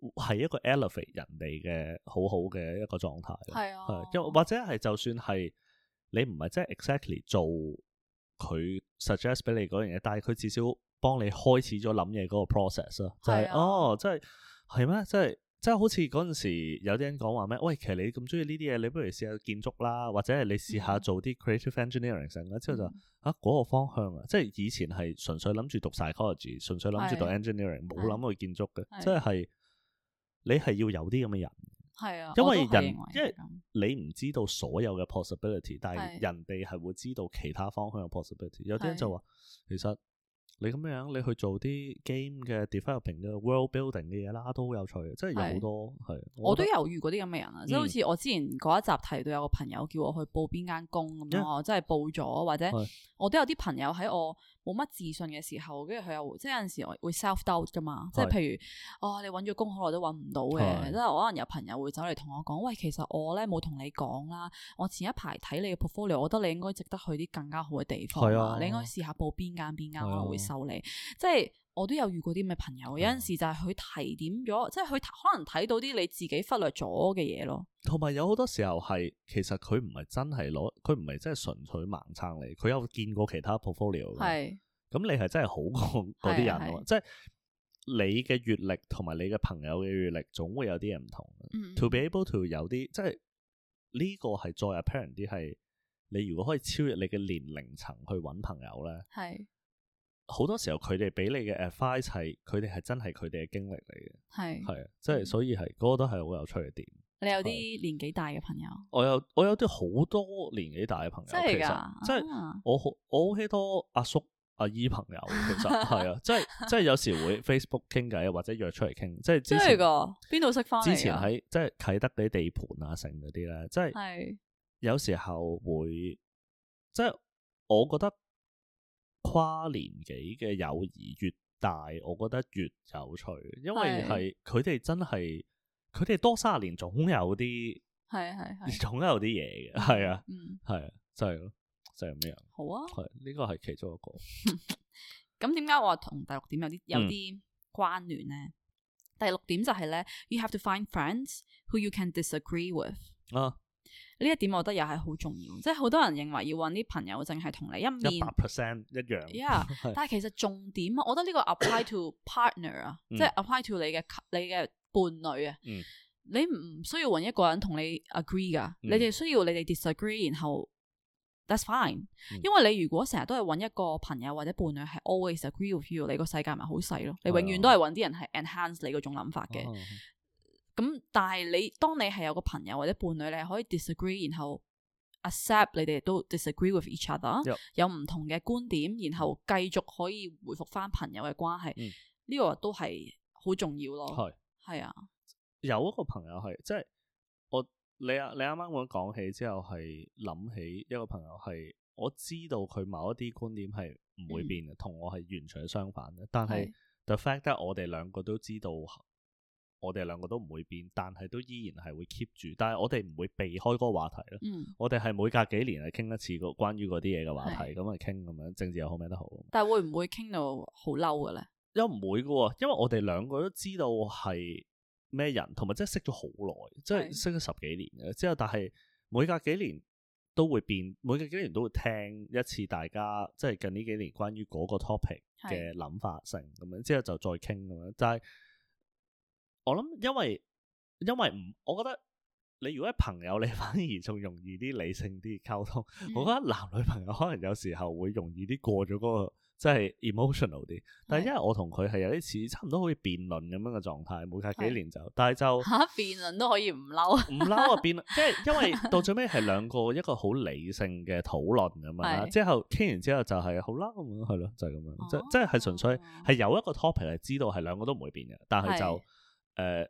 係一個 elevate 人哋嘅好好嘅一個狀態。係啊的，係，或者係就算係你唔係即係 exactly 做佢 suggest 俾你嗰樣嘢，但係佢至少幫你開始咗諗嘢嗰個 process 啦、就是。係的哦，即係係咩？即係。即係好似嗰陣時有啲人講話咩？喂，其實你咁中意呢啲嘢，你不如試下建築啦，或者係你試下做啲 creative engineering 啦。之後就、嗯、啊，嗰、嗰個方向啊，即係以前係純粹諗住讀 psychology，純粹諗住讀 engineering，冇諗去的建築嘅。的即係你係要有啲咁嘅人，係啊的，因為人，即係你唔知道所有嘅 possibility，但係人哋係會知道其他方向嘅 possibility。有啲人就話的其實。你咁樣，你去做啲 game 嘅 developing 嘅 world building 嘅嘢啦，都好有趣，即係有好多係。係我，我都猶豫嗰啲咁嘅人啊，嗯、即係好似我之前嗰一集提到有個朋友叫我去報邊間工咁啊，嗯、樣我真係報咗，或者我都有啲朋友喺我，冇乜自信嘅時候，跟住佢又即係有陣時會 self doubt 噶嘛，即係譬如是哦，你揾咗工好耐都揾唔到嘅，即係是可能有朋友會走嚟同我講，喂，其實我咧冇同你講啦，我前一排睇你嘅 portfolio，我覺得你應該值得去啲更加好嘅地方啊，啊你應該試下報邊間邊間可能會收你，啊、即係。我都有遇過啲咩朋友，有陣時就係佢提點咗，即係佢可能睇到啲你自己忽略咗嘅嘢咯。同埋有好多時候係，其實佢唔係真係攞，佢唔係真係純粹盲撐你，佢有見過其他 portfolio。係是。咁你係真係好過嗰啲人咯，是是是即係你嘅閱歷同埋你嘅朋友嘅閱歷，總會有啲嘢唔同。嗯。To be able to 有啲即係呢個係再 apparent 啲係，你如果可以超越你嘅年齡層去搵朋友咧，係。好多時候佢哋俾你嘅 advice，佢哋係真係佢哋嘅經歷嚟嘅，係係啊，即係所以係嗰個都係好有趣嘅點。你有啲年紀大嘅朋友，我有我有啲好多年紀大嘅朋友，真係即係我好我好多阿叔阿姨朋友，其實係啊，即係即係有時會 Facebook 傾偈啊，或者約出嚟傾，即係真係噶，邊度識翻？之前喺即係啟德地地盤啊，成嗰啲咧，即係有時候會，即係我覺得。跨年紀嘅友誼越大，我覺得越有趣，因為係佢哋真係佢哋多卅年，總有啲係啊係總有啲嘢嘅，係啊，係啊、嗯，就係咯，就係咁樣。好啊，係呢個係其中一個。咁點解我同第六點有啲有啲關聯咧？嗯、第六點就係、是、咧，You have to find friends who you can disagree with 啊。呢一點我覺得又係好重要，嗯、即係好多人認為要揾啲朋友淨係同你一面一百 percent 一樣。Yeah, 但係其實重點我覺得呢個 apply to partner 啊， 即係 apply to 你嘅你嘅伴侶啊，嗯、你唔需要揾一個人同你 agree 噶，嗯、你哋需要你哋 disagree，然後 that's fine S、嗯。因為你如果成日都係揾一個朋友或者伴侶係 always agree with you，你個世界咪好細咯，嗯、你永遠都係揾啲人係 enhance 你嗰種諗法嘅。嗯嗯咁但係你當你係有個朋友或者伴侶咧，你可以 disagree 然後 accept 你哋都 disagree with each other，、嗯、有唔同嘅觀點，然後繼續可以回復翻朋友嘅關係，呢、嗯、個都係好重要咯。係係是啊，有一個朋友係即係我你啊你啱啱講起之後係諗起一個朋友係我知道佢某一啲觀點係唔會變嘅，同、嗯、我係完全相反嘅，但係是 the fact that 我哋兩個都知道。我哋兩個都唔會變，但係都依然係會 keep 住。但係我哋唔會避開嗰個話題咧。嗯，我哋係每隔幾年係傾一次個關於嗰啲嘢嘅話題，咁嚟傾咁樣，政治又好咩都好。但係會唔會傾到好嬲嘅咧？又唔會嘅喎，因為我哋兩個都知道係咩人，同埋真係識咗好耐，是即係識咗十幾年嘅。之後，但係每隔幾年都會變，每隔幾年都會聽一次大家即係近呢幾年關於嗰個 topic 嘅諗法性咁是樣，之後就再傾咁樣，就係。我諗，因為因為唔，我覺得你如果係朋友，你反而仲容易啲理性啲溝通。嗯、我覺得男女朋友可能有時候會容易啲過咗嗰個即係 emotional 啲。但係因為我同佢係有啲似，差唔多可以辯論咁樣嘅狀態。每隔幾年就，是但係是就吓辯論都可以唔嬲，啊，唔嬲啊辯論， 即係因為到最尾係兩個一個好理性嘅討論咁樣。之後傾完之後就係好嬲咁樣，係咯，就係咁樣，即即係純粹係有一個 topic 係知道係兩個都唔會變嘅，但係就。誒、呃，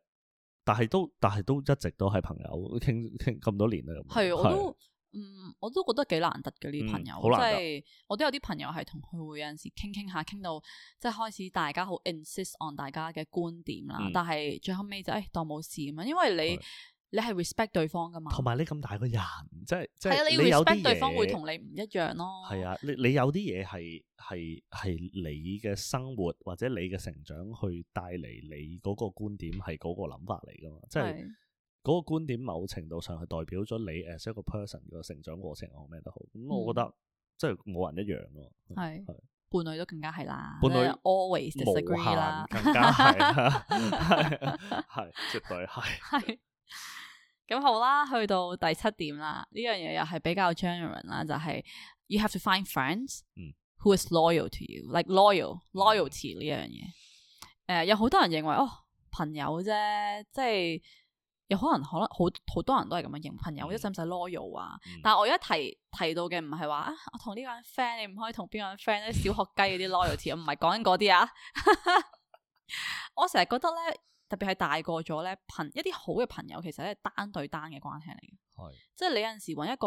但係都，但係都一直都係朋友傾傾咁多年啦。係，嗯、是我都，嗯，我都覺得幾難得嘅呢啲朋友。好、嗯、難得、即係，我都有啲朋友係同佢會有陣時傾傾下，傾到即係開始大家好 insist on 大家嘅觀點啦。嗯、但係最後尾就誒、是哎、當冇事咁樣，因為你。嗯你係 respect 對方噶嘛？同埋你咁大個人，即係即係，你會有啲嘢，對方會同你唔一樣咯。係啊，你你有啲嘢係係係你嘅生活或者你嘅成長去帶嚟你嗰個觀點係嗰個諗法嚟噶嘛？即係嗰個觀點某程度上係代表咗你 as 一個 person 嘅成長過程，我咩都好。咁我覺得即係冇人一樣咯。係，伴侶都更加係啦。伴侶 always disagree 啦，更加係，係絕對係。咁、嗯、好啦，去到第七點啦，呢樣嘢又係比較 general 啦，就係 you have to find friends who is loyal to you，like loyal loyalty 呢樣嘢。誒、呃，有好多人認為哦，朋友啫，即係有可能，可能好好多人都係咁樣認朋友，或者使唔使 loyal 啊？嗯、但係我而家提提到嘅唔係話啊，我同呢個人 friend，你唔可以同邊個人 friend 咧？小學雞嗰啲 loyalty，我唔係講緊嗰啲啊。 我成日覺得咧。特別係大個咗咧，朋一啲好嘅朋友其實咧係單對單嘅關係嚟嘅，係的即係你有陣時搵一個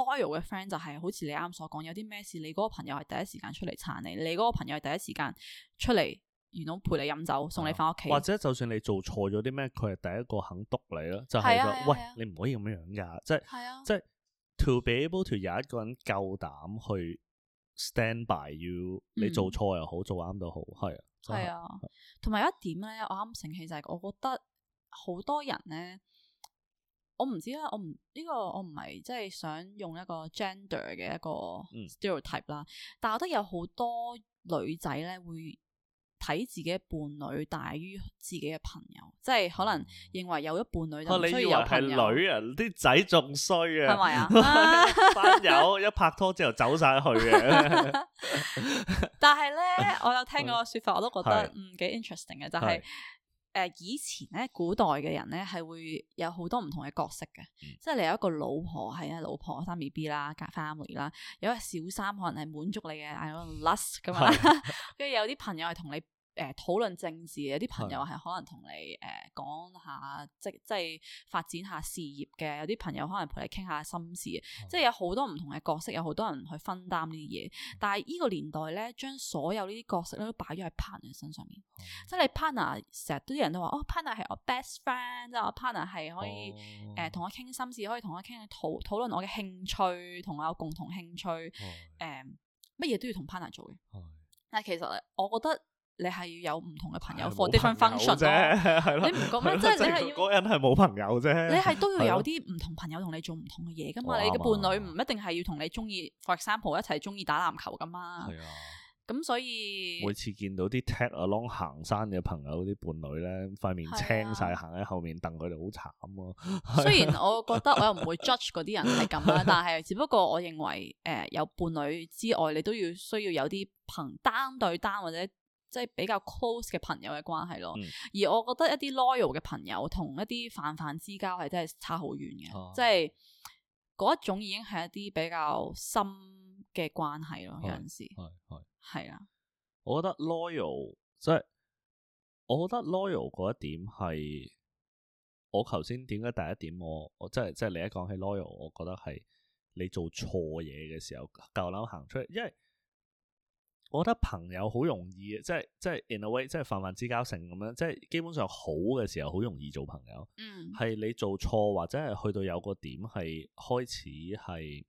loyal 嘅 friend 就係好似你啱所講，有啲咩事你嗰個朋友係第一時間出嚟撐你，你嗰個朋友係第一時間出嚟，完 you 咗 know，陪你飲酒，送你翻屋企，或者就算你做錯咗啲咩，佢係第一個肯督你咯，就係、是、個喂你唔可以咁樣噶，即係的的即係 to be able to 有一個人夠膽去 stand by you，你做錯又好，嗯、做啱都好，係啊。係啊，同埋哇有一點咧，我啱醒起就係、是、我覺得好多人咧，我唔知啦，我唔呢、這個我唔係即係想用一個 gender 嘅一個 stereotype 啦、嗯，但係我覺得有好多女仔咧會睇自己嘅伴侶大於自己嘅朋友，即係可能認為有一伴侶就唔需要有朋友。女啊，啲仔仲衰啊，啊，班友一拍拖之後走晒去嘅。但係咧，我有聽過個說法，我都覺得嗯幾 interesting 嘅，就係誒以前咧古代嘅人咧係會有好多唔同嘅角色嘅，即係你有一個老婆係啊老婆生 B B 啦隔 family 啦，有一小三可能係滿足你嘅，I l lust 咁嘛，跟住有啲朋友係同你。誒，討論、呃、政治，有啲朋友係可能同你誒講、呃、下，即即係發展下事業嘅，有啲朋友可能陪你傾下心事嘅，嗯、即係有好多唔同嘅角色，有好多人去分擔呢啲嘢。但係呢個年代咧，將所有呢啲角色咧都擺咗喺 partner 身上面，嗯、即係 part、oh, 你 partner 成日都啲人都話，哦，partner 係我 best friend，即係、嗯、partner 係可以誒同、嗯 uh, 我傾心事，可以同我傾討討論我嘅興趣，同我有共同興趣，誒乜嘢都要同 partner 做嘅。但係其實呢我覺得。你係要有唔同嘅朋友，for different function 啫。係咯，你唔講咩？即係你係人係冇朋友啫。你係都要有啲唔同朋友同你做唔同嘅嘢噶嘛？你嘅伴侶唔一定係要同你中意，for example，一齊中意打籃球噶嘛。係啊。咁所以每次見到啲 tag along 行山嘅朋友，啲伴侶咧，塊面青晒，行喺後面瞪佢哋好慘啊！雖然我覺得我又唔會 judge 嗰啲人係咁啦，但係只不過我認為，誒，有伴侶之外，你都要需要有啲憑單對單或者。即係比較 close 嘅朋友嘅關係咯，嗯、而我覺得一啲 loyal 嘅朋友同一啲泛泛之交係真係差好遠嘅。啊、即係嗰一種已經係一啲比較深嘅關係咯。有陣、嗯、時係係係啦，我覺得 loyal 即係我覺得 loyal 嗰一點係我頭先點解第一點我我即係即係你一講起 loyal，我覺得係你做錯嘢嘅時候夠膽行出嚟，因為我覺得朋友好容易，即係即係 in a way，即係泛泛之交性咁樣，即係基本上好嘅時候好容易做朋友。嗯，係你做錯或者係去到有個點係開始係，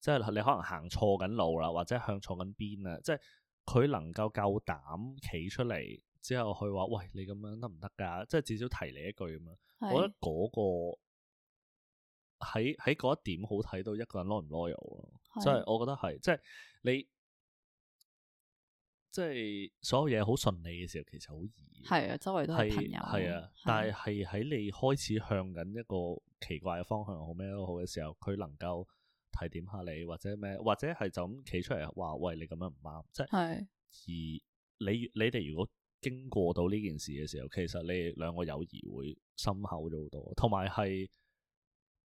即係你可能行錯緊路啦，或者向錯緊邊啊。即係佢能夠夠膽企出嚟之後，佢話：喂，你咁樣得唔得㗎？即係至少提你一句咁樣。是我覺得嗰、那個喺喺嗰一點好睇到一個人 loyal 唔 loyal 咯。即係是我覺得係，即係你。即係所有嘢好順利嘅時候，其實好易。係啊，周圍都係朋友。係啊，但係係喺你開始向緊一個奇怪嘅方向，好咩都好嘅時候，佢能夠提點下你，或者咩，或者係就咁企出嚟話，喂，你咁樣唔啱。即係，而你你哋如果經過到呢件事嘅時候，其實你兩個友誼會深厚咗好多，同埋係。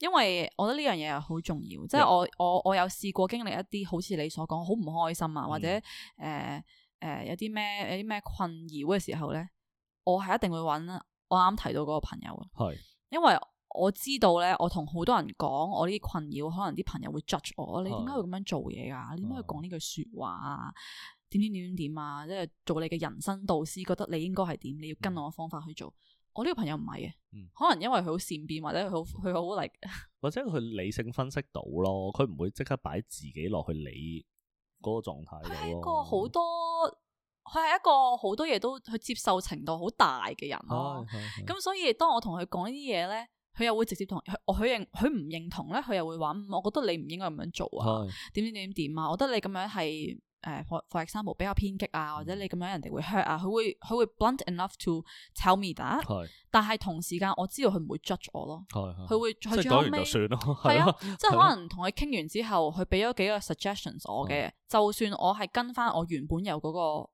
因為我覺得呢樣嘢係好重要，即係我我我有試過經歷一啲好似你所講好唔開心啊，或者誒誒有啲咩有啲咩困擾嘅時候咧，我係一定會揾我啱啱提到嗰個朋友嘅，係因為我知道咧，我同好多人講我呢啲困擾，可能啲朋友會 judge 我，你點解會咁樣做嘢噶？你點解會講呢句說話啊？點點點點點啊？即係做你嘅人生導師，覺得你應該係點？你要跟我方法去做。我呢個朋友唔係嘅，嗯、可能因為佢好善變，或者佢佢好力， 或者佢理性分析到咯，佢唔會即刻擺自己落去理嗰個狀態。佢係一個好多，佢係一個好多嘢都去接受程度好大嘅人咯，啊。咁、哎哎哎、所以當我同佢講呢啲嘢咧，佢又會直接同我佢認佢唔認同咧，佢又會話：我覺得你唔應該咁樣做啊，點點點點啊，我覺得你咁樣係。誒，for example 比較偏激啊，或者你咁樣人哋會 hurt 啊，佢會佢會 blunt enough to tell me that 是。但係同時間我知道佢唔會 judge 我咯。佢是會佢最尾。即係講完就算咯。 啊， 即係可能同佢傾完之後，佢俾咗幾個 suggestions 我嘅，是就算我係跟翻我原本有嗰、那個。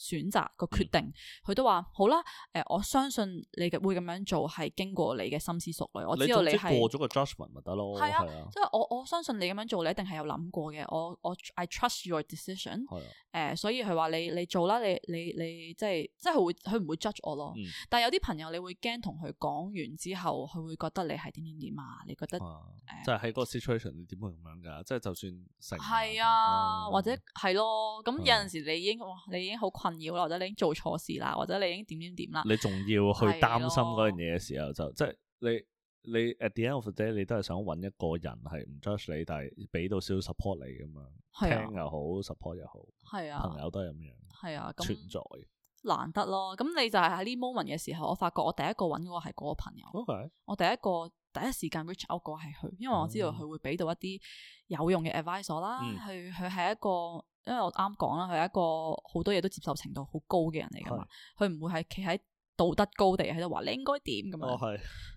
選擇個決定，佢都話好啦。誒，我相信你嘅會咁樣做係經過你嘅深思熟慮，我知道你係。你總之過咗個 judgment 咪得咯，係啊。即係我我相信你咁樣做，你一定係有諗過嘅。我我 I trust your decision。誒，所以佢話你你做啦，你你你即係即係會佢唔會 judge 我咯。但係有啲朋友你會驚同佢講完之後佢會覺得你係點點點啊？你覺得誒？即係喺個 situation 點會咁樣㗎，即係就算成係啊，或者係咯。咁有陣時你已經哇，你已經好困困擾，或者你已經做錯事啦，或者你已經點點點啦，你仲要去擔心嗰樣嘢嘅時候，的就即係、就是、你你 at the end of the day，你都係想揾一個人係唔 judge 你，但係俾到少少 support 你噶嘛，的聽又好，support 又好，係啊，的朋友都係咁樣，係啊，嗯、存在難得咯。咁你就係喺呢 moment 嘅時候，我發覺我第一個揾嗰個係嗰個朋友，Okay. 我第一個第一時間 reach out 個係佢，因為我知道佢會俾到一啲有用嘅 advice 啦，佢佢係一個。因為我啱講啦，佢係一個好多嘢,都接受程度好高嘅人嚟噶嘛，佢唔是會係企喺道德高地喺度話你應該點咁啊。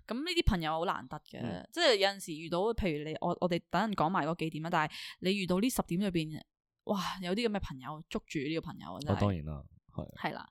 咁呢啲朋友好難得嘅，嗯、即係有陣時遇到，譬如你我我哋等人講埋嗰幾點啦，但係你遇到呢十點裏邊，哇，有啲咁嘅朋友捉住呢個朋友，我、哦、當然啦，係、呃、啦，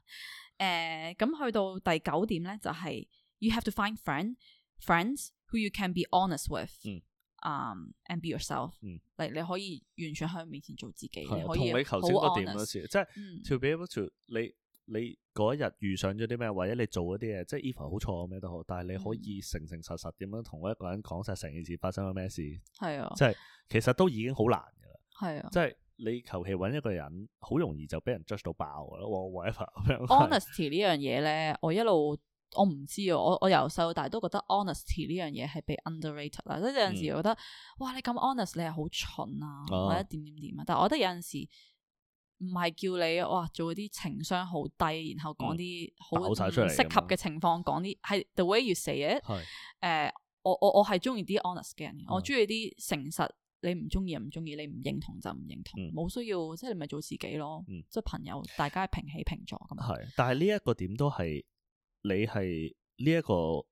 誒，咁去到第九點咧，就係、是、You have to find friends friends who you can be honest with，嗯。嗯 be yourself。嗯，你可以完全喺面前做自己，的你可以好 honest 即係是、嗯、to be able to 你你嗰一日遇上咗啲咩，或者你做嗰啲嘢，即係 even 好錯咩都好，但係你可以誠誠實實點樣同嗰一個人講晒成件事發生咗咩事。係啊、嗯、即係、就是、其實都已經好難噶啦。係啊、嗯、即係、就是、你求其揾一個人，好容易就俾人 judge 到爆啦。我 whatever。honesty 呢樣嘢咧，我一路。我唔知啊，我我由細到大都覺得 honesty 呢樣嘢係被 underrated 啦，所以有陣時覺得、嗯、哇，你咁 honest，你係好蠢啊，啊或者點點點啊，但係我覺得有陣時唔係叫你哇做啲情商好低，然後講啲好唔適合嘅情況講啲係 the way you say it，誒，我我我係中意啲 honest 嘅人，嗯、我中意啲誠實，你唔中意唔中意，你唔認同就唔認同，冇、嗯、需要，即係你咪做自己咯，即係、嗯、朋友大家平起平坐咁，係、嗯的，但係呢一個點都係。你係呢一個，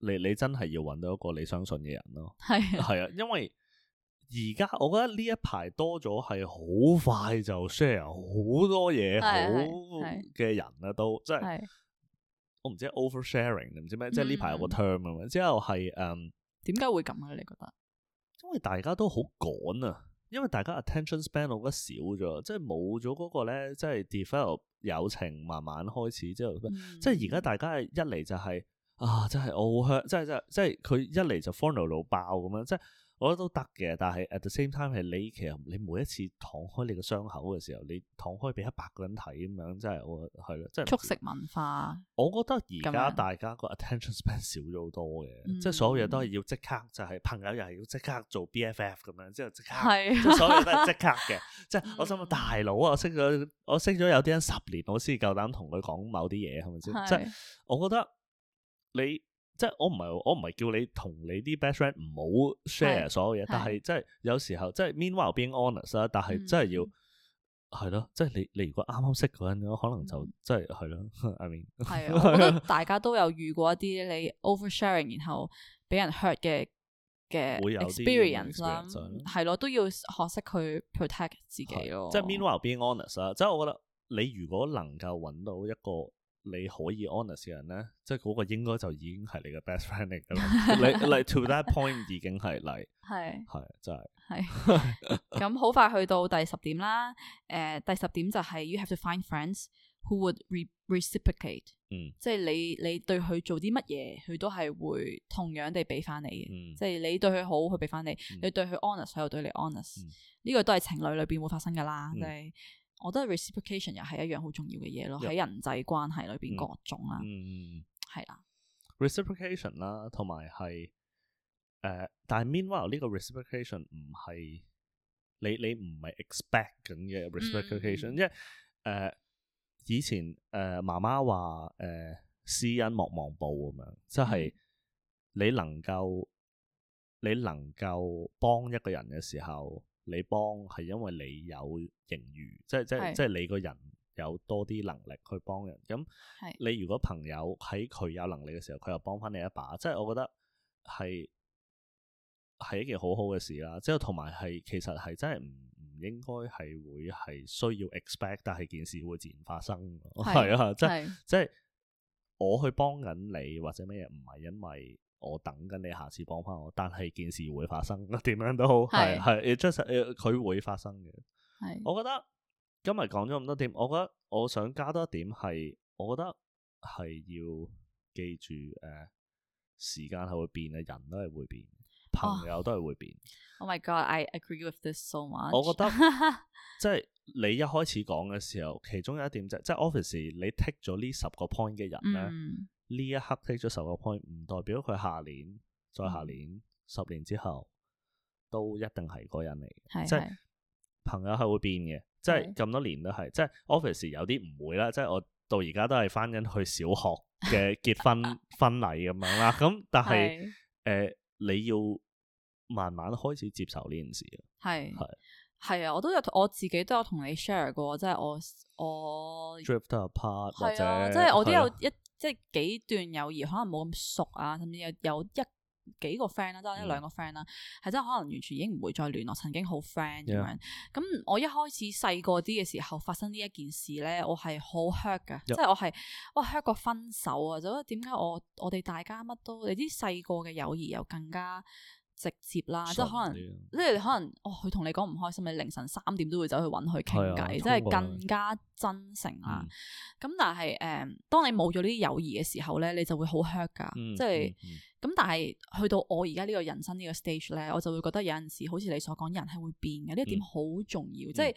你你真係要揾到一個你相信嘅人咯。係係 啊，因為而家我覺得呢一排多咗係好快就 share 好多嘢好嘅人咧，都即係我唔知 over sharing 唔知咩，即係呢排有個 term 啊嘛。之後係誒，點解會咁啊？你覺得？因為大家都好趕啊。因為大家 attention span 到嗰少咗，即係冇咗嗰個咧，即係 develop 友情慢慢開始之後，即係而家大家一嚟就係、是、啊，真係好香，即係即係即係佢一嚟就 follow 到爆咁樣，即係。即我覺得都得嘅，但係 at the same time 係你其實你每一次躺開你個傷口嘅時候，你躺開俾一百個人睇咁樣，真係我係咯，即係。速食文化。我覺得而家大家個 attention span 少咗好多嘅，嗯、即係所有嘢都係要即刻，就係、是、朋友又係要即刻做 BFF 咁樣，之後即刻，即是的 所有都係 即刻嘅。即係我心諗大佬啊，我識咗我識咗有啲人十年，我先至夠膽同佢講某啲嘢，係咪先？即係我覺得你。的 即係我唔係我唔係叫你同你啲 best friend 唔好 share 是所有嘢，是但係即係有時候即係 meanwhile being honest 啊，但係真係要係咯，即係你你如果啱啱識嗰陣，可能就、嗯、即係係咯。I mean，係啊，我覺得大家都有遇過一啲你 over sharing 然後俾人 hurt 嘅嘅 experience 啦、啊，係咯，都要學識去 protect 自己咯。即係 meanwhile being honest 啊，即係我覺得你如果能夠揾到一個。你可以 honest 嘅人咧，即係嗰個應該就已經係你嘅 best friend 嚟噶啦，嚟嚟 to that point 已經係嚟，係係真係。咁好快去到第十點啦，誒第十點就係 you have to find friends who would re reciprocate，即係你你對佢做啲乜嘢，佢都係會同樣地俾翻你嘅，即係你對佢好，佢俾翻你，你對佢 honest，佢又對你 honest，呢個都係情侶裏邊會發生噶啦，即係。我覺得 reciprocation 又係一樣好重要嘅嘢咯，喺 Yeah. 人際關係裏邊各種、啊、嗯，係啦、啊。reciprocation 啦、啊，同埋係誒，但係 meanwhile 呢個 reciprocation 唔係你你唔係 expect 緊嘅 reciprocation，、嗯、因為誒、呃、以前誒媽媽話誒施恩莫望報咁樣，即、就、係、是、你能夠、嗯、你能夠幫一個人嘅時候。你幫係因為你有盈餘，即係是即係即係你個人有多啲能力去幫人。咁、嗯、是你如果朋友喺佢有能力嘅時候，佢又幫翻你一把，即係我覺得係係一件好好嘅事啦、啊。即係同埋係其實係真係唔唔應該係會係需要 expect，但係件事會自然發生。係是 啊，是即係是即係我去幫緊你或者咩嘢，唔係因為。我等緊你下次幫翻我，但係件事會發生，點樣都好係，just 佢會發生嘅。係是，我覺得今日講咗咁多點，我覺得我想加多一點係，我覺得係要記住，誒、呃，時間係會變嘅，人都係會變，oh. 朋友都係會變。Oh my god, I agree with this so much。 我覺得即係、就是、你一開始講嘅時候，其中有一點就係、是、即、就、係、是、office 你剔咗呢十個 point 嘅人咧。Mm. 呢一刻 take 咗十個 point，唔代表佢下年、再下年、十年之後都一定係個人嚟嘅。係，即係朋友係會變嘅，即係咁多年都係，即係 office 有啲唔會啦，即係我到而家都係翻緊去小學嘅結婚婚禮咁樣啦。咁但係誒你要慢慢開始接受呢件事嘅。係係係啊！我都有我自己都有同你 share 過，即係我我 drift apart 或者即係我都有一。即係幾段友誼可能冇咁熟啊，甚至有有一幾個 friend 啦，即、就、係、是、一兩個 friend 啦，係真係可能完全已經唔會再聯絡。曾經好 friend 咁 Yeah. 樣，咁我一開始細個啲嘅時候發生呢一件事咧，我係好 hurt 嘅，Yeah. 即係我係哇 hurt 過分手啊，就覺得點解我我哋大家乜都你知細個嘅友誼又更加直接啦，即係可能，即係年可能，哦，佢同你講唔開心，你凌晨三點都會走去揾佢傾偈，啊、即係更加真誠啦。咁、嗯、但係，誒、嗯，當你冇咗呢啲友誼嘅時候咧，你就會好 hurt 噶。即係咁，但係去到我而家呢個人生呢、這個 stage 咧，我就會覺得有陣時好似你所講，人係會變嘅，呢、嗯、一點好重要。嗯、即係。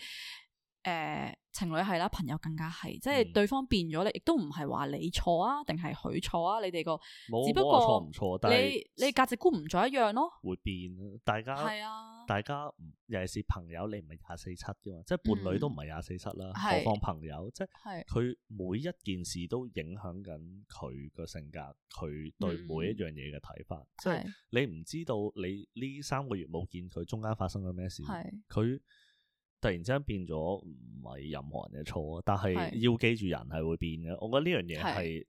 誒，情侶係啦，朋友更加係，即係對方變咗你亦都唔係話你錯啊，定係佢錯啊？你哋個，只不過錯唔錯你你價值觀唔再一樣咯。會變，大家，係啊，大家尤其是朋友，你唔係廿四七啫嘛，即係伴侶都唔係廿四七啦。何況朋友，即係佢每一件事都影響緊佢個性格，佢對每一樣嘢嘅睇法。即係你唔知道你呢三個月冇見佢，中間發生咗咩事，佢。突然之間變咗唔係任何人嘅錯啊！但係要記住人係會變嘅，是我覺得呢樣嘢係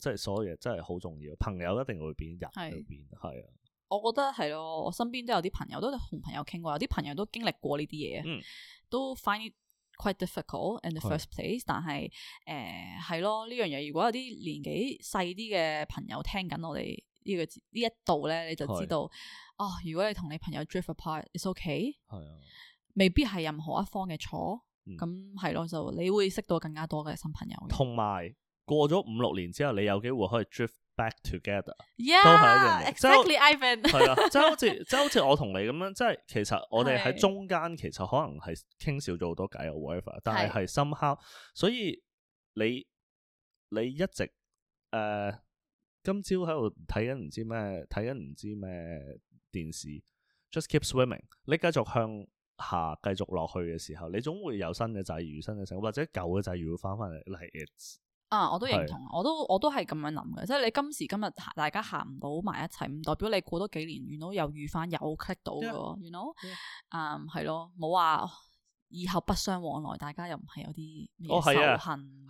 即係所有嘢真係好重要。朋友一定會變，人會變，係是啊！我覺得係咯、啊，我身邊都有啲朋友都同朋友傾過，有啲朋友都經歷過呢啲嘢，嗯、都 find it quite difficult in the first place 是。但係誒係咯，呢、呃啊、樣嘢如果有啲年紀細啲嘅朋友聽緊我哋呢、呢個呢一度咧，你就知道哦。啊啊、如果你同你朋友 drift apart，it's o、okay, k a 啊。未必係任何一方嘅錯，咁係咯，就你會識到更加多嘅新朋友。同埋過咗五六年之後，你有機會可以 drift back together，yeah, 都係一樣，exactly，Ivan，係啊，即係好似，即係 好似我同你咁樣，即係其實我哋喺中間 其實可能係傾少咗好多偈 w i f i 但係係深刻，所以你你一直誒、uh, 今朝喺度睇緊唔知咩，睇緊唔知咩電視，just keep swimming，你繼續向。下繼續落去嘅時候，你總會有新嘅際遇，新嘅成果或者舊嘅際遇會翻翻嚟。例如，啊，我都認同，是我都我都係咁樣諗嘅。即係你今時今日大家行唔到埋一齊，唔代表你過多幾年 you know 又遇翻又 click 到嘅。you know 係咯，冇話以後不相往來，大家又唔係有啲咩，係啊，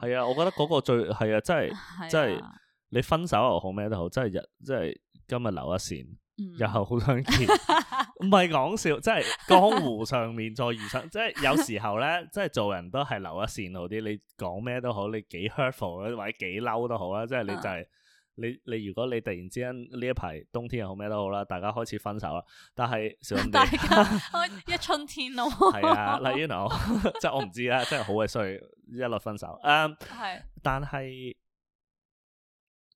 係啊，我覺得嗰個最係啊，真係，的真係你分手又好咩都好，即係日真係今日留一線，日後好相見。 唔係講笑，即係江湖上面再遇上， 即係有時候咧，即係做人都係留一線路啲。你講咩都好，你幾 hurtful 或者幾嬲都好啦，即係你就係、是啊、你你如果你突然之間呢一排冬天又好咩都好啦，大家開始分手啦。但係小心啲，一春天咯、啊，係啊 like you know， 即係我唔知啦，真係好鬼衰一律分手。誒、啊，係的，但係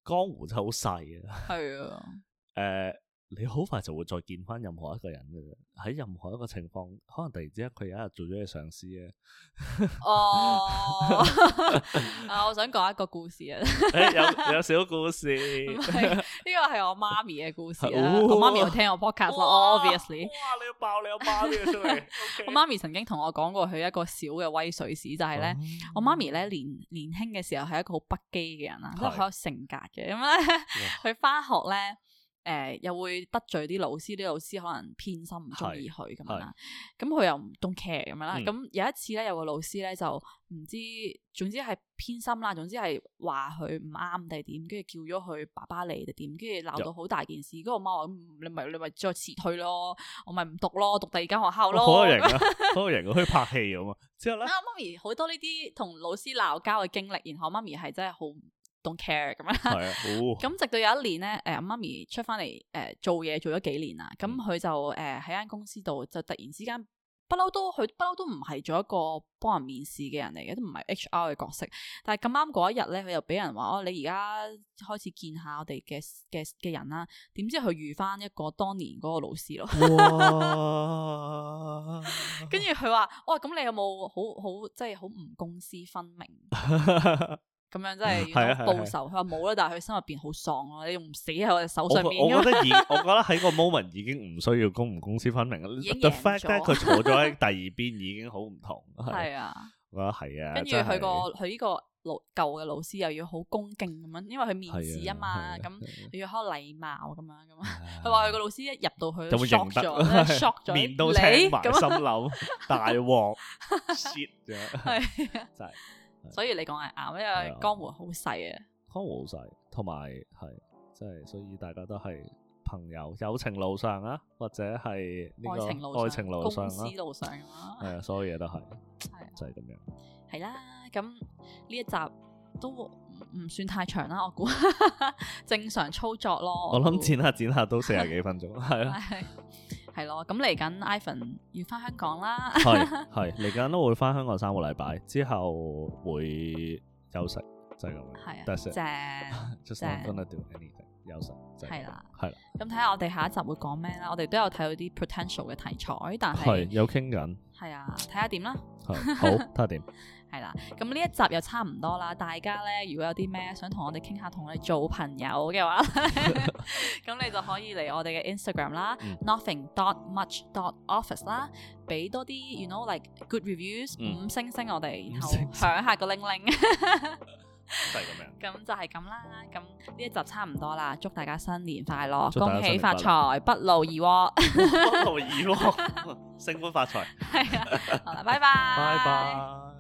江湖就好細啊。係啊的，誒、 呃。你好快就會再見翻任何一個人嘅，喺任何一個情況，可能突然之間佢有一日做咗嘅上司咧。 哦，啊、 哦，我想講一個故事啊、 哎，有有小故事，呢個係我媽咪嘅故事，哦，哦我媽咪會聽我 podcast，obviously。哇，哇！你要爆你阿媽呢個 story 我媽咪曾經同我講過佢一個小嘅威水史，就係、是、咧，嗯、我媽咪咧年年輕嘅時候係一個好不羈嘅人啦，即係好有性格嘅。咁咧的，佢翻、嗯、學咧。誒、呃，又會得罪啲老師，啲老師可能偏心唔中意佢咁樣，咁佢是是 又唔 don't care 咁樣啦。咁有一次咧，有個老師咧就唔知，總之係偏心啦，總之係話佢唔啱定點，跟住叫咗佢爸爸嚟定點，跟住鬧到好大件事。嗰個、嗯、媽咪，你咪你咪再辭退咯，我咪唔讀咯，讀第二間學校咯。好型啊，好型去拍戲咁啊。之 後咧，媽咪好多呢啲同老師鬧交嘅經歷，然後媽咪係真係好。don't care 咁樣，咁直到有一年咧，誒，阿媽咪出翻嚟，誒，做嘢做咗幾年啦，咁佢、嗯、就誒喺間公司度，就突然之間不嬲都佢不嬲都唔係做一個幫人面試嘅人嚟嘅，都唔係 HR 嘅角色，但係咁啱嗰一日咧，佢又俾人話哦，你而家開始見下我哋嘅嘅嘅人啦，點知佢遇翻一個當年嗰個老師咯，跟住佢話，哇，咁、 哦、你有冇好好即係好唔公私分明？ 咁樣，樣真係報仇，佢話冇啦，但係佢心入邊好爽咯。你唔死喺我隻手上邊，我覺得已，我覺得喺個 moment 已經唔需要公唔公私分明啦。The fact 咧，佢坐咗喺第二邊已經好唔同。係啊，我覺得係啊，跟住佢個佢呢個老舊嘅老師又要好恭敬咁樣，因為佢面子啊嘛，咁、嗯、佢要開禮貌咁樣咁啊。佢話佢個老師一入到去就會贏咗，shock 咗，面都青埋心諗大鑊。係。所以你講係啱，因為江湖好細啊，江湖好細，同埋係，即係所以大家都係朋友，友情路上啊，或者係呢、呢個愛情路上、愛情路上啊、公司路上咁、啊、咯，係啊，所有嘢都係，係就係咁樣，係啦，咁呢一集都唔算太長啦，我估 正常操作咯，我諗剪下剪下都四十幾分鐘，係啦 了。 係咯，咁嚟緊 Ivan 要翻香港啦。係。係嚟緊都會翻香港三個禮拜，之後會休息就係、是、咁樣。係啊，正 's 正。Just gonna do anything，休息。係、就、啦、是，係啦。咁睇下我哋下一集會講咩啦？我哋都有睇到啲 potential 嘅題材，但係有傾緊。係啊，睇下點啦。好，睇下點。 係啦，咁呢一集又差唔多啦。大家咧，如果有啲咩想同我哋傾下，同我哋做朋友嘅話咧，咁你就可以嚟我哋嘅 Instagram 啦，nothing dot much dot office 啦，俾多啲，you know，like good reviews，五星星我哋，然後響下個鈴鈴。就係咁樣。咁就係咁啦。咁呢一集差唔多啦。祝大家新年快樂，恭喜發財，不勞而獲。不勞而獲，升官發財。係啊。好啦，拜拜。拜拜。